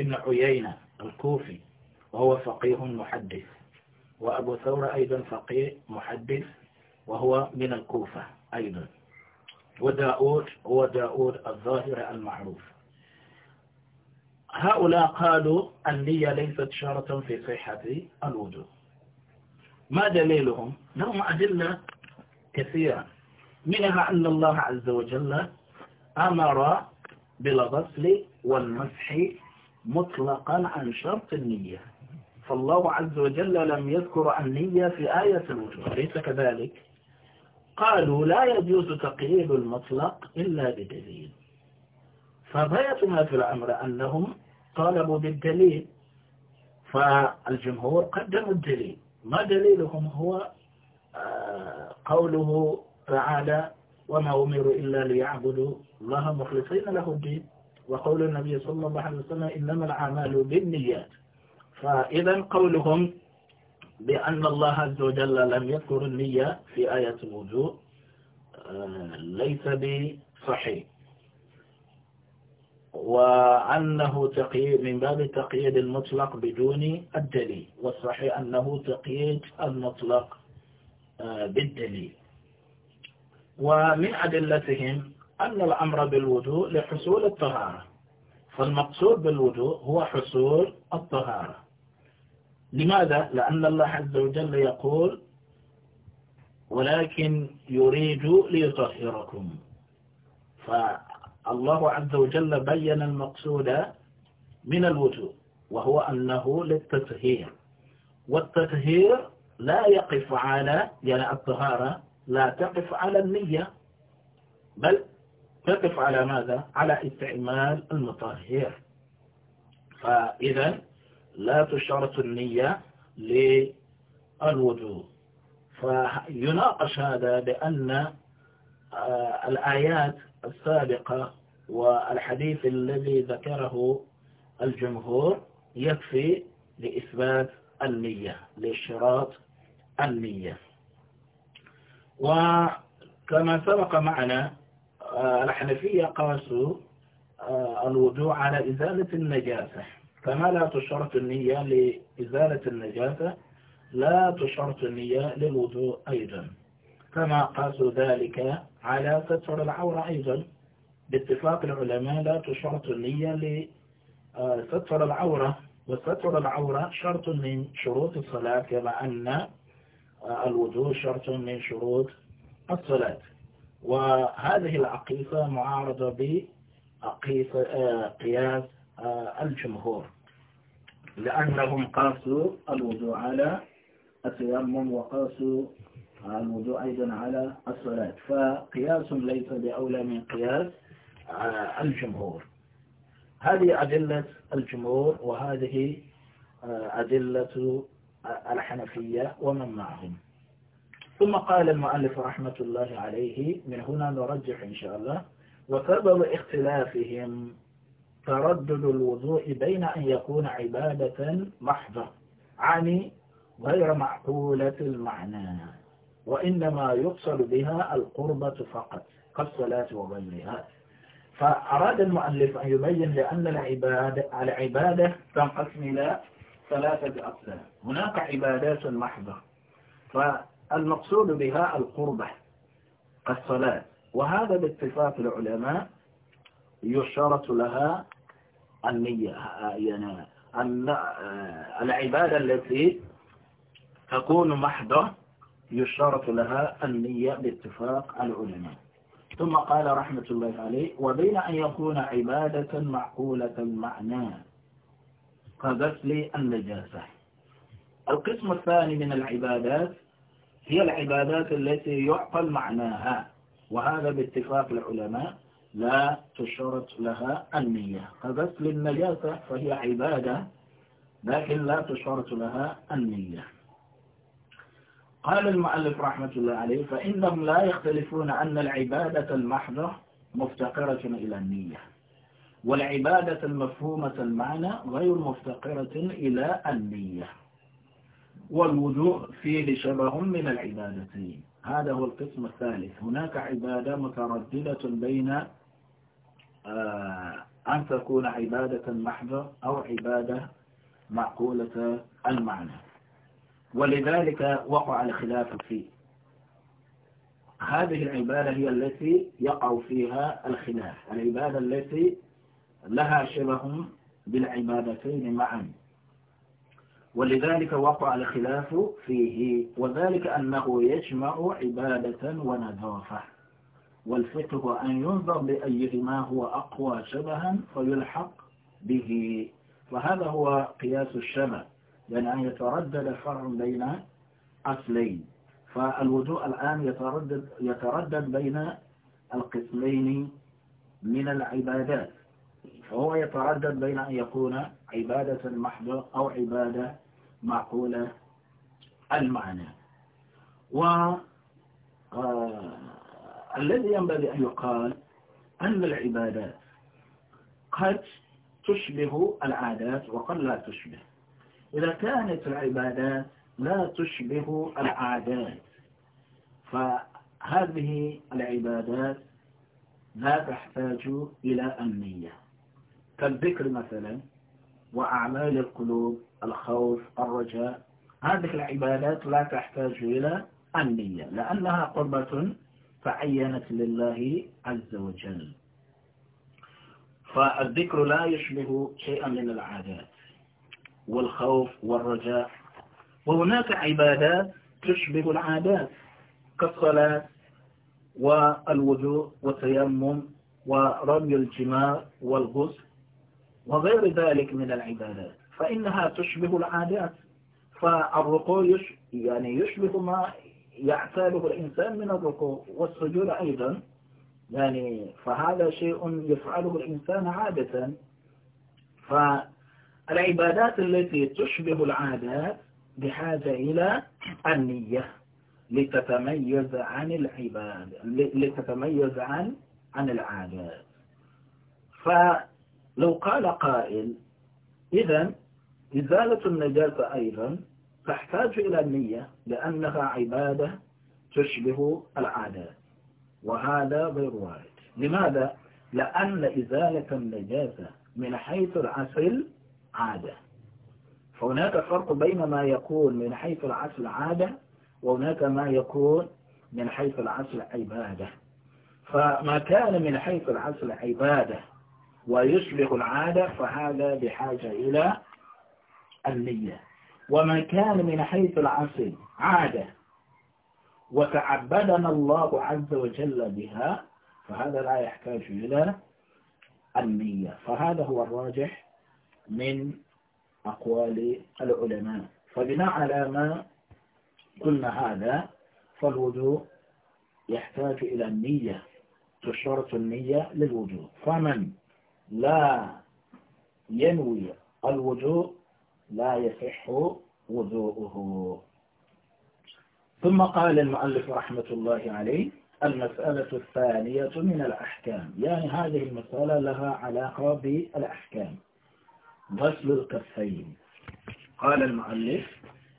ابن عيينة الكوفي وهو فقيه محدث وأبو ثور أيضا فقيه محدث وهو من الكوفة أيضا وداود هو داود الظاهر المعروف هؤلاء قالوا النية ليست شرطا في صحة الوجود ما دليلهم لهم أدلة كثيرة منها أن الله عز وجل أمر بالغسل والمسح مطلقا عن شرط النية فالله عز وجل لم يذكر النية في آية الوجوه ليس كذلك قالوا لا يجوز تقييد المطلق إلا بدليل فغاية ما في الأمر أنهم طالبوا بالدليل فالجمهور قدموا الدليل ما دليلهم هو آه، قوله تعالى وما أمروا إلا ليعبدوا الله مخلصين له الدين وقول النبي صلى الله عليه وسلم إنما الأعمال بالنيات فإذا قولهم بأن الله عز وجل لم يذكر النية في آية الوجوء آه، ليس بصحيح وأنه تقييد من باب التقييد المطلق بدون الدليل والصحيح أنه تقييد المطلق آه، بالدليل ومن أدلتهم أن الأمر بالوضوء لحصول الطهارة فالمقصود بالوضوء هو حصول الطهارة لماذا؟ لأن الله عز وجل يقول ولكن يريد ليطهركم ف الله عز وجل بين المقصود من الوجود وهو أنه للتطهير والتطهير لا يقف على يعني الطهارة لا تقف على النية بل تقف على ماذا؟ على استعمال المطهر فإذا لا تشترط النية للوجود فيناقش هذا بأن آه، الآيات السابقة والحديث الذي ذكره الجمهور يكفي لإثبات النية لإشراط النية وكما سبق معنا آه، الحنفية قاسوا آه، الوضوء على إزالة النجاسة فما لا تشرط النية لإزالة النجاسة لا تشرط النية للوضوء أيضا كما قاسوا ذلك على ستر العورة أيضا باتفاق العلماء لا تشرط النية لستر العورة وستر العورة شرط من شروط الصلاة كما أن آه، الوضوء شرط من شروط الصلاة وهذه العقيصة معارضة بقياس آه، آه، الجمهور لأنهم قاسوا الوضوء على التيمم وقاسوا الوضوء أيضا على الصلاة فقياس ليس بأولى من قياس آه، الجمهور هذه أدلة الجمهور وهذه آه، أدلة آه، الحنفية ومن معهم ثم قال المؤلف رحمة الله عليه من هنا نرجح إن شاء الله وسبب اختلافهم تردد الوضوء بين أن يكون عبادة محضة عن غير معقولة المعنى وإنما يقصد بها القربة فقط كالصلاة وغيرها فأراد المؤلف أن يبين لأن العبادة العبادة تنقسم إلى ثلاثة أقسام هناك عبادات محضة فالمقصود بها القربة كالصلاة وهذا باتفاق العلماء يشترط لها النية يعني آه، العبادة التي تكون محضة يشترط لها النية باتفاق العلماء ثم قال رحمة الله عليه وبين أن يكون عبادة معقولة المعنى لي النجاسة القسم الثاني من العبادات هي العبادات التي يعقل معناها وهذا باتفاق العلماء لا تشترط لها النية لي النجاسة فهي عبادة لكن لا تشترط لها النية قال المؤلف رحمة الله عليه فإنهم لا يختلفون أن العبادة المحضة مفتقرة إلى النية والعبادة المفهومة المعنى غير مفتقرة إلى النية والوضوء فيه شبه من العبادتين هذا هو القسم الثالث هناك عبادة مترددة بين آه، أن تكون عبادة محضة أو عبادة معقولة المعنى ولذلك وقع الخلاف فيه هذه العبادة هي التي يقع فيها الخلاف العبادة التي لها شبه بالعبادتين معا ولذلك وقع الخلاف فيه وذلك أنه يجمع عبادة ونظافة والفقه أن ينظر بأيهما هو أقوى شبها فيلحق به وهذا هو قياس الشبه يعني أن يتردد فرع بين أصلين فالوضوء الآن يتردد, يتردد بين القسمين من العبادات فهو يتردد بين أن يكون عبادة محضة أو عبادة معقولة المعنى و آه، الذي ينبغي أن يقال أن العبادات قد تشبه العادات وقد لا تشبه إذا كانت العبادات لا تشبه العادات فهذه العبادات لا تحتاج إلى النية كالذكر مثلا وأعمال القلوب الخوف الرجاء هذه العبادات لا تحتاج إلى النية لأنها قربة تعينت لله عز وجل فالذكر لا يشبه شيئا من العادات والخوف والرجاء وهناك عبادات تشبه العادات كالصلاة والوضوء والتيمم ورمي الجمار والغسل وغير ذلك من العبادات فإنها تشبه العادات فالركوع يعني يشبه ما يعتاده الإنسان من الركوع والسجود أيضا يعني فهذا شيء يفعله الإنسان عادة ف العبادات التي تشبه العادات بحاجة إلى النية لتتميز عن العباد لتتميز عن عن العادات فلو قال قائل إذا إزالة النجاسة أيضا تحتاج إلى النية لأنها عبادة تشبه العادات وهذا غير وارد لماذا؟ لأن إزالة النجاسة من حيث الأصل عادة فهناك فرق بين ما يكون من حيث العسل عادة وهناك ما يكون من حيث العسل عبادة فما كان من حيث العسل عبادة ويشبه العادة فهذا بحاجة إلى النية وما كان من حيث العسل عادة وتعبدنا الله عز وجل بها فهذا لا يحتاج إلى النية فهذا هو الراجح من أقوال العلماء فبناء على ما قلنا هذا فالوضوء يحتاج إلى النية تشرط النية للوضوء فمن لا ينوي الوضوء لا يصح وضوءه ثم قال المؤلف رحمة الله عليه المسألة الثانية من الأحكام يعني هذه المسألة لها علاقة بالأحكام غسل الكفين قال المؤلف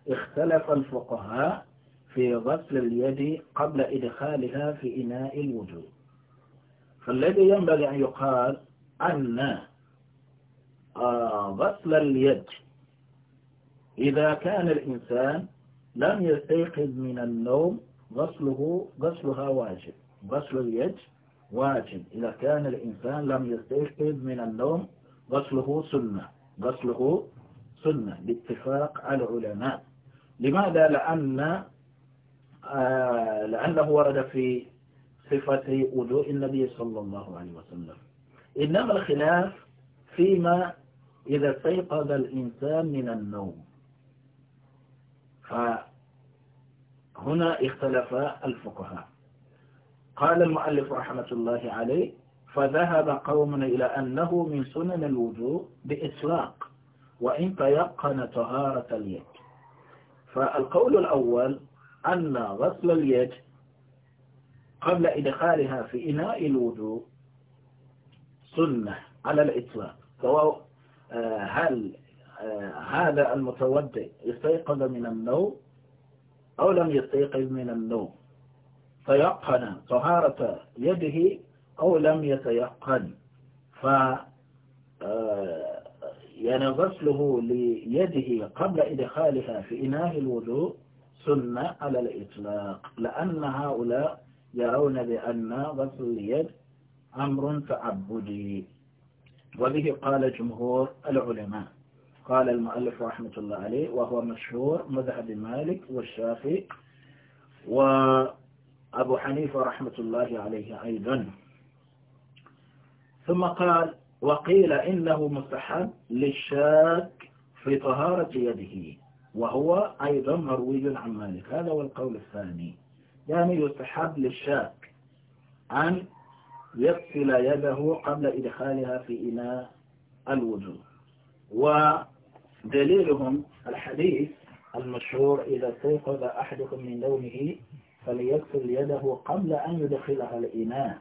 اختلف الفقهاء في غسل اليد قبل إدخالها في إناء الوجوه فالذي ينبغي أن يقال أن آه، غسل اليد إذا كان الإنسان لم يستيقظ من النوم غسله غسلها واجب غسل اليد واجب إذا كان الإنسان لم يستيقظ من النوم غسله سنة غسله سنة باتفاق العلماء لماذا؟ لأن آه، لأنه ورد في صفة وضوء النبي صلى الله عليه وسلم إنما الخلاف فيما إذا استيقظ الإنسان من النوم فهنا اختلف الفقهاء قال المؤلف رحمة الله عليه فذهب قوم إلى أنه من سنن الوضوء بإطلاق وإن تيقن طهارة اليد فالقول الأول أن غسل اليد قبل إدخالها في إناء الوضوء سنة على الإطلاق سواء آه، هل آه، هذا المتودع استيقظ من النوم أو لم يستيقظ من النوم تيقن طهارة يده أو لم يتيقن ف آه، يعني غسله ليده قبل إدخالها في إناء الوضوء سنة على الإطلاق لأن هؤلاء يرون بأن غسل اليد أمر تعبدي وبه قال جمهور العلماء قال المؤلف رحمة الله عليه وهو مشهور مذهب مالك والشافعي وأبو حنيفة رحمة الله عليه أيضا ثم قال وقيل إنه مستحب للشاك في طهارة يده وهو أيضا مروي عن مالك هذا هو القول الثاني يعني يستحب للشاك أن يغسل يده قبل إدخالها في إناء الوجوه ودليلهم الحديث المشهور إذا استيقظ أحدكم من نومه فليغسل يده قبل أن يدخلها الإناء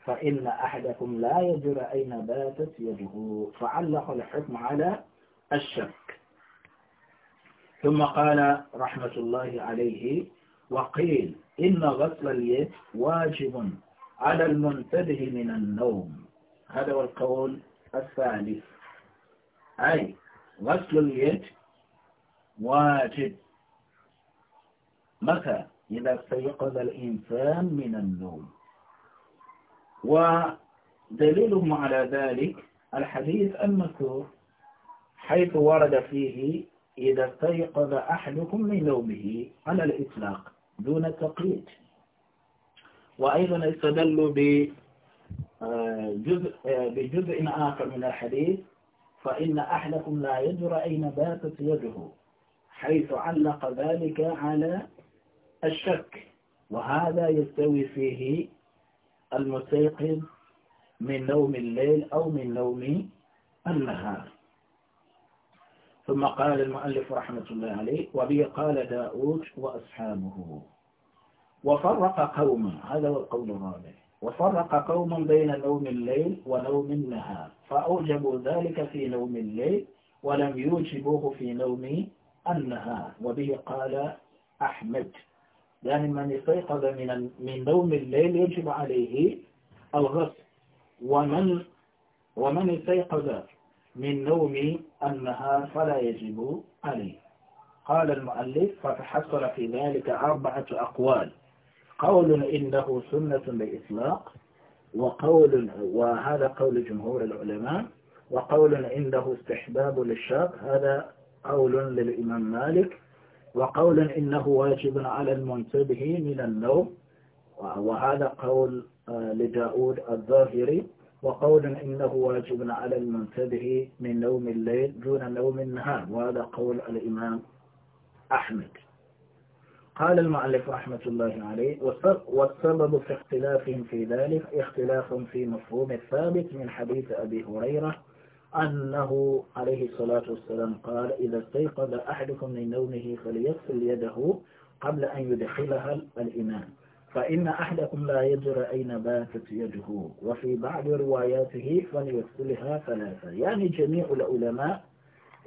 فإن أحدكم لا يدر أين باتت يده فعلق الحكم على الشك ثم قال رحمة الله عليه وقيل إن غسل اليد واجب على المنتبه من النوم هذا هو القول الثالث أي غسل اليد واجب متى إذا استيقظ الإنسان من النوم ودليلهم على ذلك الحديث المذكور حيث ورد فيه إذا استيقظ أحدكم من نومه على الإطلاق دون تقييد وأيضا استدلوا بجزء, بجزء آخر من الحديث فإن أحدكم لا يدرى أين باتت يده حيث علق ذلك على الشك وهذا يستوي فيه المستيقظ من نوم الليل أو من نوم النهار ثم قال المؤلف رحمة الله عليه وبي قال داود وأصحابه وفرق قوما هذا هو القول الرابع وفرق قوما بين نوم الليل ونوم النهار فأوجبوا ذلك في نوم الليل ولم يوجبوه في نوم النهار وبه قال أحمد يعني من استيقظ من من نوم الليل يجب عليه الغسل ومن ومن استيقظ من نوم النهار فلا يجب عليه قال المؤلف فتحصل في ذلك أربعة أقوال قول إنه سنة بإطلاق وقول وهذا قول جمهور العلماء وقول إنه استحباب للشاب هذا قول للإمام مالك وقول إنه واجب على المنتبه من النوم وهذا قول آه، لداود الظاهري وقول إنه واجب على المنتبه من نوم الليل دون نوم النهار وهذا قول الإمام أحمد قال المؤلف رحمة الله عليه والسبب في اختلافهم في ذلك اختلاف في مفهوم الثابت من حديث أبي هريرة أنه عليه الصلاة والسلام قال إذا استيقظ أحدكم من نومه فليغسل يده قبل أن يدخلها الإمام فإن أحدكم لا يدر أين باتت يده وفي بعض رواياته فليغسلها ثلاثة يعني جميع العلماء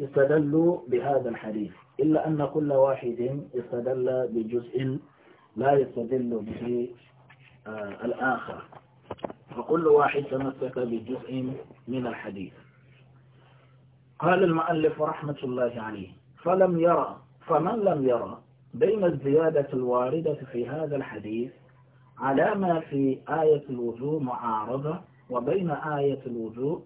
استدلوا بهذا الحديث إلا أن كل واحد استدل بجزء لا يستدل به آه، الآخر فكل واحد تمسك بجزء من الحديث قال المؤلف رحمة الله عليه فلم يرى فمن لم يرى بين الزيادة الواردة في هذا الحديث على ما في آية الوضوء معارضة وبين آية الوضوء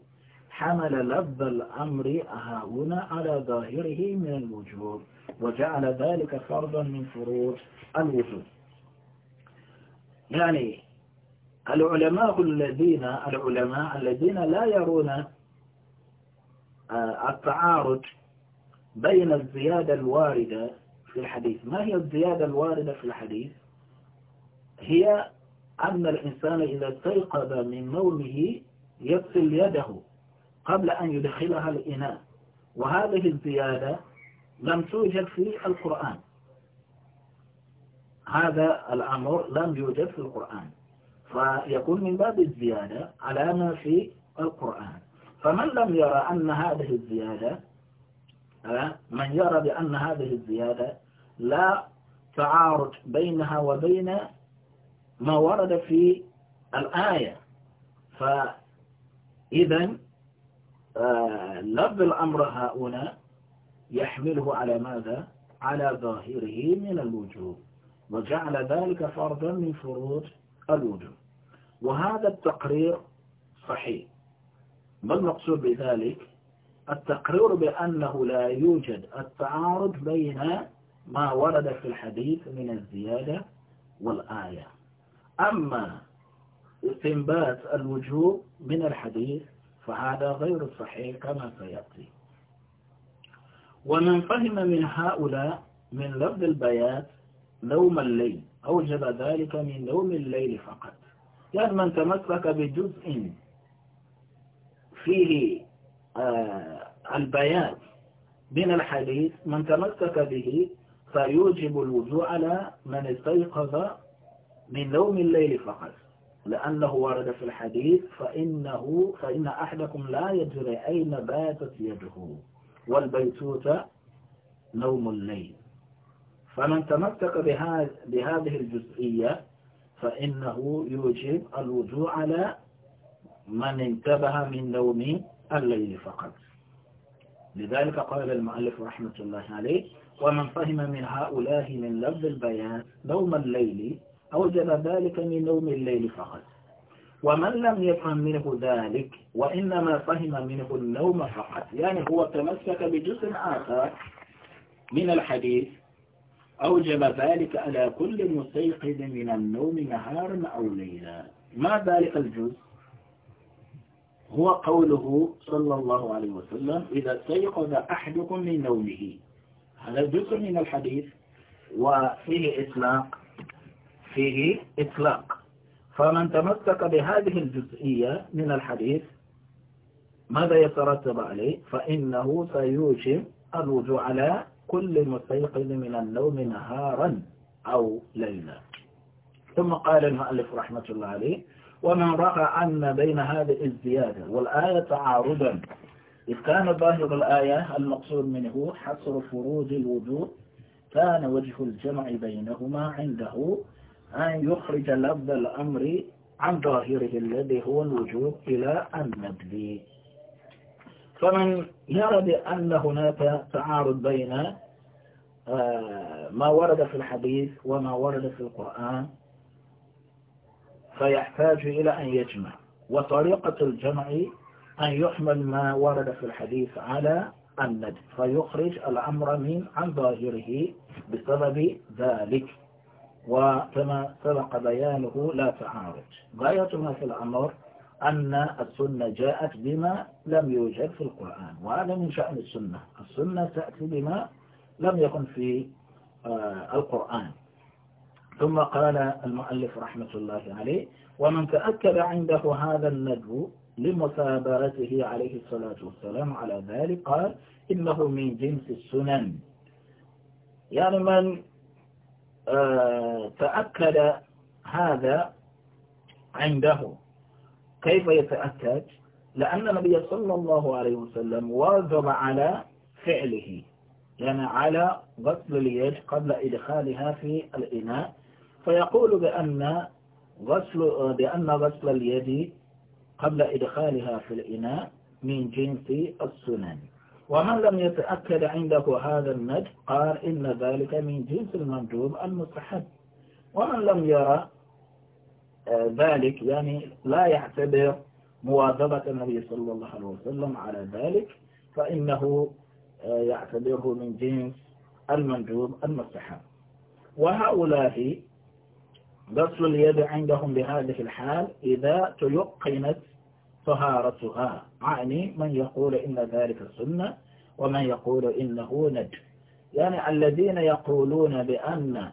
حمل لفظ الأمر أهاون على ظاهره من الوجوب وجعل ذلك فرضا من فروض الوجوب يعني العلماء الذين العلماء الذين لا يرون آه، التعارض بين الزيادة الواردة في الحديث ما هي الزيادة الواردة في الحديث هي أن الإنسان إذا استيقظ من نومه يغسل يده قبل أن يدخلها الإناء وهذه الزيادة لم توجد في القرآن هذا الأمر لم يوجد في القرآن فيكون من باب الزيادة على ما في القرآن فمن لم يرى أن هذه الزيادة من يرى بأن هذه الزيادة لا تعارض بينها وبين ما ورد في الآية فإذا آه، لب الأمر هؤلاء يحمله على ماذا؟ على ظاهره من الوجوب وجعل ذلك فرضا من فروض الوجوب وهذا التقرير صحيح ما المقصود بذلك التقرير بأنه لا يوجد التعارض بين ما ورد في الحديث من الزيادة والآية أما استنبات الوجوب من الحديث فهذا غير صحيح كما سيأتي ومن فهم من هؤلاء من لفظ البيات نوم الليل أوجب ذلك من نوم الليل فقط يعني من تمسك بجزء فيه آه، البيان من الحديث من تمسك به فيوجب الوجوء على من استيقظ من نوم الليل فقط لأنه ورد في الحديث فإنه فإن أحدكم لا يدري أين باتت يده والبيتوت نوم الليل فمن تمسك بهذه الجزئية فإنه يوجب الوجوء على من انتبه من نوم الليل فقط لذلك قال المؤلف رحمة الله عليه ومن فهم من هؤلاء من لفظ البيان نوم الليل أوجب ذلك من نوم الليل فقط ومن لم يفهم منه ذلك وإنما فهم منه النوم فقط يعني هو تمسك بجزء آخر من الحديث أوجب ذلك على كل مستيقظ من النوم نهارا أو ليلا ما ذلك الجزء هو قوله صلى الله عليه وسلم إذا استيقظ أحدكم من نومه هذا جزء من الحديث وفيه إطلاق فيه إطلاق فمن تمسك بهذه الجزئية من الحديث ماذا يترتب عليه فإنه سيوجب الرجوع على كل مستيقظ من النوم نهارا أو ليلا ثم قال المؤلف رحمة الله عليه ومن رأى أن بين هذه الزيادة والآية تعارضا إذ كان ظاهر الآية المقصود منه حصر فروض الوجود كان وجه الجمع بينهما عنده أن يخرج لفظ الأمر عن ظاهره الذي هو الوجود إلى النبذ فمن يرى بأن هناك تعارض بين آه، ما ورد في الحديث وما ورد في القرآن فيحتاج إلى أن يجمع وطريقة الجمع أن يحمل ما ورد في الحديث على الندب فيخرج الأمر من عن ظاهره بسبب ذلك وكما سبق بيانه لا تعارض غاية ما في الأمر أن السنة جاءت بما لم يوجد في القرآن وهذا من شأن السنة السنة تأتي بما لم يكن في آه، القرآن ثم قال المؤلف رحمة الله عليه ومن تأكد عنده هذا الندو لمثابرته عليه الصلاة والسلام على ذلك قال إنه من جنس السنن يعني من آه، تأكد هذا عنده كيف يتأكد لأن النبي صلى الله عليه وسلم واظب على فعله يعني على غسل اليد قبل إدخالها في الإناء فيقول بأن غسل, بأن غسل اليد قبل إدخالها في الإناء من جنس السنن ومن لم يتأكد عنده هذا الند قال إن ذلك من جنس المندوب المستحب ومن لم يرى آه، ذلك يعني لا يعتبر مواظبة النبي صلى الله عليه وسلم على ذلك فإنه آه، يعتبره من جنس المندوب المستحب وهؤلاء غسل اليد عندهم بهذه الحال إذا تيقنت طهارتها أعني من يقول إن ذلك سنة ومن يقول إنه ند يعني الذين يقولون بأن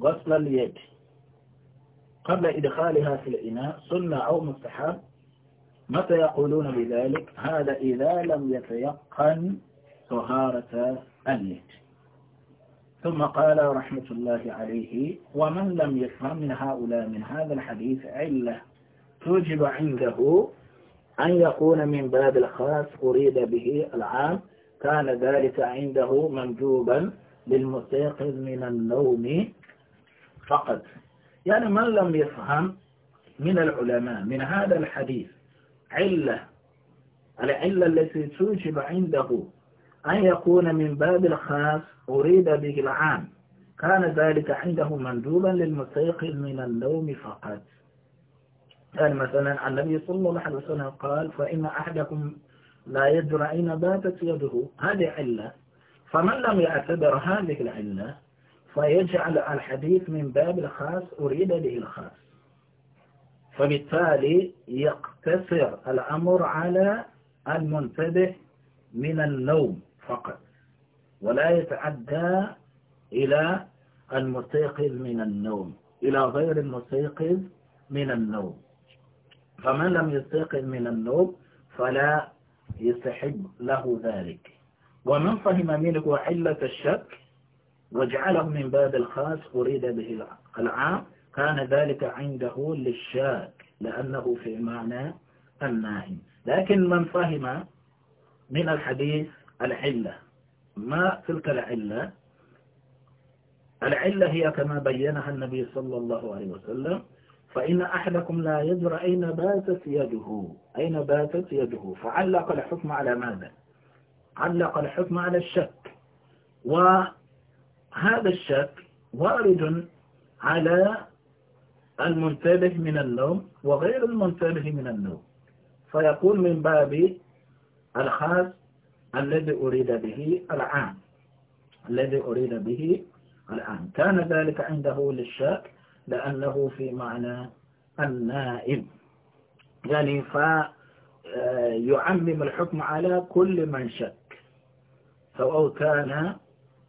غسل اليد قبل إدخالها في الإناء سنة أو مستحب متى يقولون بذلك هذا إذا لم يتيقن طهارة اليد ثم قال رحمة الله عليه ومن لم يفهم من هؤلاء من هذا الحديث علة توجب عنده أن يكون من باب الخاص أريد به العام كان ذلك عنده مندوبا للمستيقظ من النوم فقط يعني من لم يفهم من العلماء من هذا الحديث علة العلة التي توجب عنده أن يكون من باب الخاص أريد به العام كان ذلك عنده مندوبا للمستيقظ من النوم فقط يعني مثلا النبي صلى الله عليه وسلم قال فإن أحدكم لا يدرى أين باتت يده هذه علة فمن لم يعتبر هذه العلة فيجعل الحديث من باب الخاص أريد به الخاص فبالتالي يقتصر الأمر على المنتبه من النوم فقط ولا يتعدى إلى المستيقظ من النوم إلى غير المستيقظ من النوم فمن لم يستيقظ من النوم فلا يستحب له ذلك ومن فهم منه علة الشك وجعله من باب الخاص أريد به العام كان ذلك عنده للشاك لأنه في معنى النائم لكن من فهم من الحديث العلة ما تلك العلة العلة هي كما بينها النبي صلى الله عليه وسلم فإن أحدكم لا يدرى أين باتت يده أين باتت يده فعلق الحكم على ماذا علق الحكم على الشك وهذا الشك وارد على المنتبه من النوم وغير المنتبه من النوم فيقول من باب الخاص الذي أريد به العام الذي أريد به الآن كان ذلك عنده للشاك لأنه في معنى النائب يعني فيعمم آه، الحكم على كل من شك سواء كان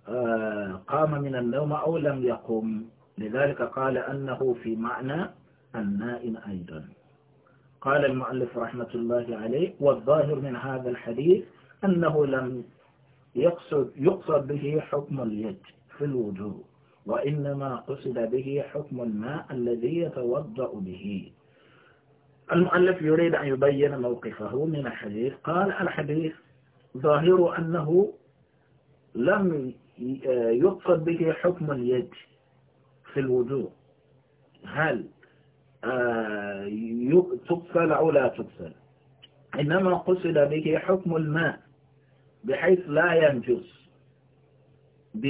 آه، قام من النوم أو لم يقم لذلك قال أنه في معنى النائم أيضا قال المؤلف رحمة الله عليه والظاهر من هذا الحديث أنه لم يقصد, يقصد به حكم اليد في الوجوه وإنما قصد به حكم الماء الذي يتوضأ به المؤلف يريد أن يبين موقفه من الحديث قال الحديث ظاهر أنه لم يقصد به حكم اليد في الوجوه هل تقفل آه، أو لا تقفل إنما قصد به حكم الماء بحيث لا ينجز ب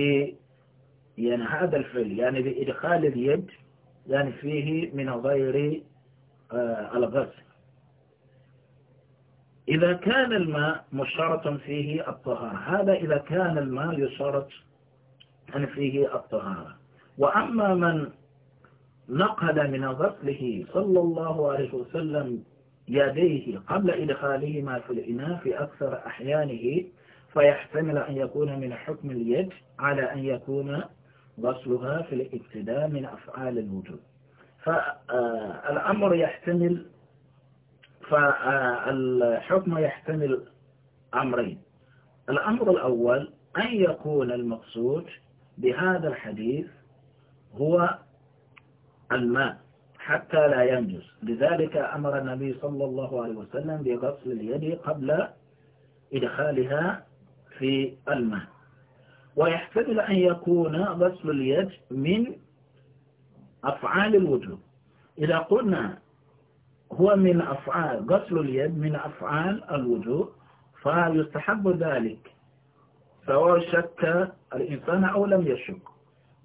يعني هذا الفعل يعني بإدخال اليد يعني فيه من غير آه الغسل إذا كان الماء مشترط فيه الطهارة هذا إذا كان الماء يشترط أن فيه الطهارة وأما من نقل من غسله صلى الله عليه وسلم يديه قبل إدخالهما في الإناء في أكثر أحيانه فيحتمل أن يكون من حكم اليد على أن يكون غسلها في الابتداء من أفعال الوجود فالأمر يحتمل فالحكم يحتمل أمرين الأمر الأول أن يكون المقصود بهذا الحديث هو الماء حتى لا ينجس لذلك أمر النبي صلى الله عليه وسلم بغسل اليد قبل إدخالها في الماء ويحتمل أن يكون غسل اليد من أفعال الوجوب إذا قلنا هو من أفعال غسل اليد من أفعال الوجوب فيستحب ذلك سواء شك الإنسان أو لم يشك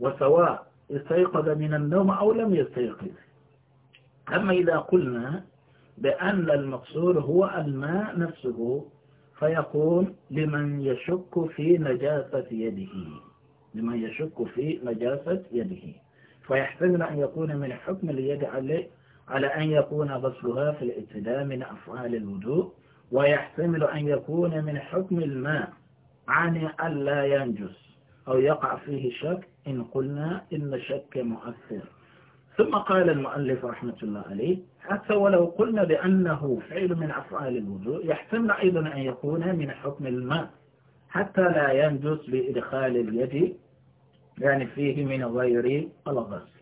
وسواء استيقظ من النوم أو لم يستيقظ أما إذا قلنا بأن المقصور هو الماء نفسه فيقول لمن يشك في نجاسة يده لمن يشك في نجاسة يده فيحتمل أن يكون من حكم اليد عليه على أن يكون غسلها في الابتداء من أفعال الوضوء ويحتمل أن يكون من حكم الماء عن أن لا ينجس أو يقع فيه شك إن قلنا إن الشك مؤثر ثم قال المؤلف رحمة الله عليه حتى ولو قلنا بأنه فعل من أفعال الوضوء يحتمل أيضا أن يكون من حكم الماء حتى لا ينجس بإدخال اليد يعني فيه من غير الغسل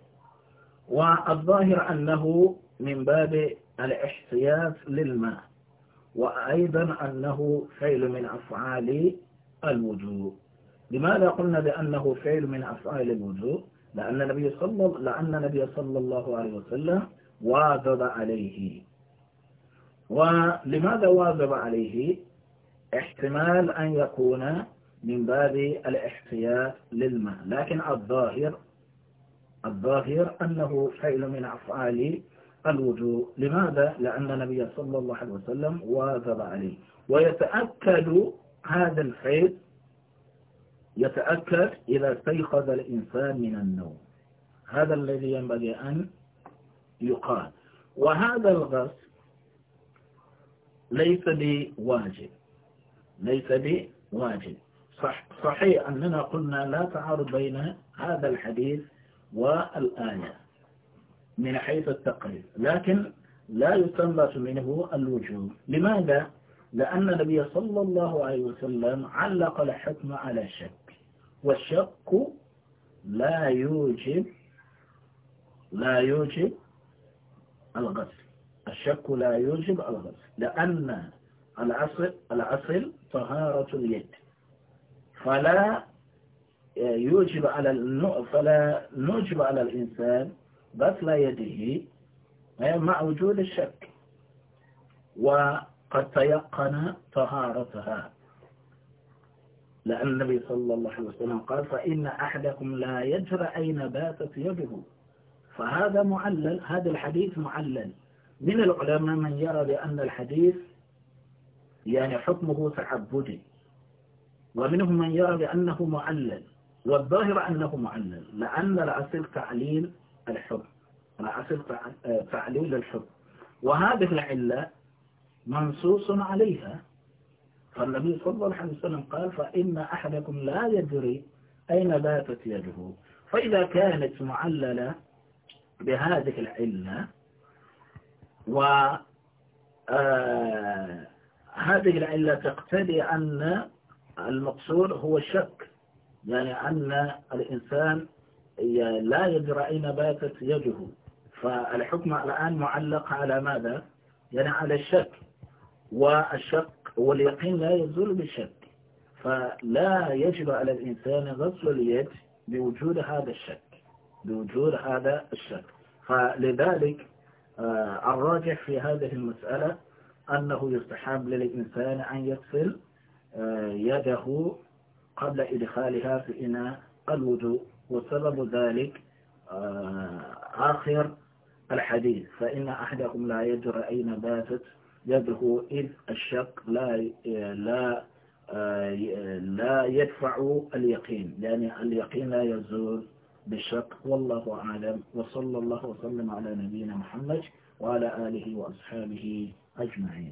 والظاهر أنه من باب الاحتياط للماء وأيضا أنه فعل من أفعال الوجوء لماذا قلنا بأنه فعل من أفعال الوجوء لأن النبي صلى لأن النبي صلى الله عليه وسلم واظب عليه ولماذا واظب عليه احتمال أن يكون من باب الاحتياط للماء لكن الظاهر الظاهر أنه فعل من أفعال الوجوء لماذا؟ لأن النبي صلى الله عليه وسلم واظب عليه ويتأكد هذا الفعل يتأكد إذا استيقظ الإنسان من النوم هذا الذي ينبغي أن يقال وهذا الغسل ليس بواجب ليس بواجب صح صحيح أننا قلنا لا تعارض بين هذا الحديث والآية من حيث التقريب لكن لا يستنبط منه الوجوب لماذا؟ لأن النبي صلى الله عليه وسلم علق الحكم على الشك والشك لا يوجب لا يوجب الغسل الشك لا يوجب الغسل لأن الأصل, الأصل طهارة اليد فلا يوجب على فلا نوجب على الإنسان غسل يده مع وجود الشك وقد تيقن طهارتها لأن النبي صلى الله عليه وسلم قال فإن أحدكم لا يدرى أين باتت يده فهذا معلل هذا الحديث معلل من العلماء من يرى بأن الحديث يعني حكمه تعبدي ومنهم من يرى بأنه معلل والظاهر أنه معلل لأن الأصل تعليل الحكم الأصل آه، تعليل الحكم وهذه العلة منصوص عليها فالنبي صلى الله عليه وسلم قال فإن أحدكم لا يدري أين باتت يده فإذا كانت معللة بهذه العلة و آه، هذه العلة تقتضي أن المقصود هو الشك يعني أن الإنسان لا يدري أين باتت يده فالحكم الآن معلق على ماذا؟ يعني على الشك والشك هو اليقين لا يزول بالشك فلا يجب على الإنسان غسل اليد بوجود هذا الشك بوجود هذا الشك فلذلك آه، الراجح في هذه المسألة أنه يستحب للإنسان أن يغسل آه، يده قبل إدخالها في إناء الوضوء وسبب ذلك آه، آخر الحديث فإن أحدكم لا يدري أين باتت يده إذ الشك لا لا لا يدفع اليقين لأن يعني اليقين لا يزول بالشك والله أعلم وصلى الله وسلم على نبينا محمد وعلى آله وأصحابه أجمعين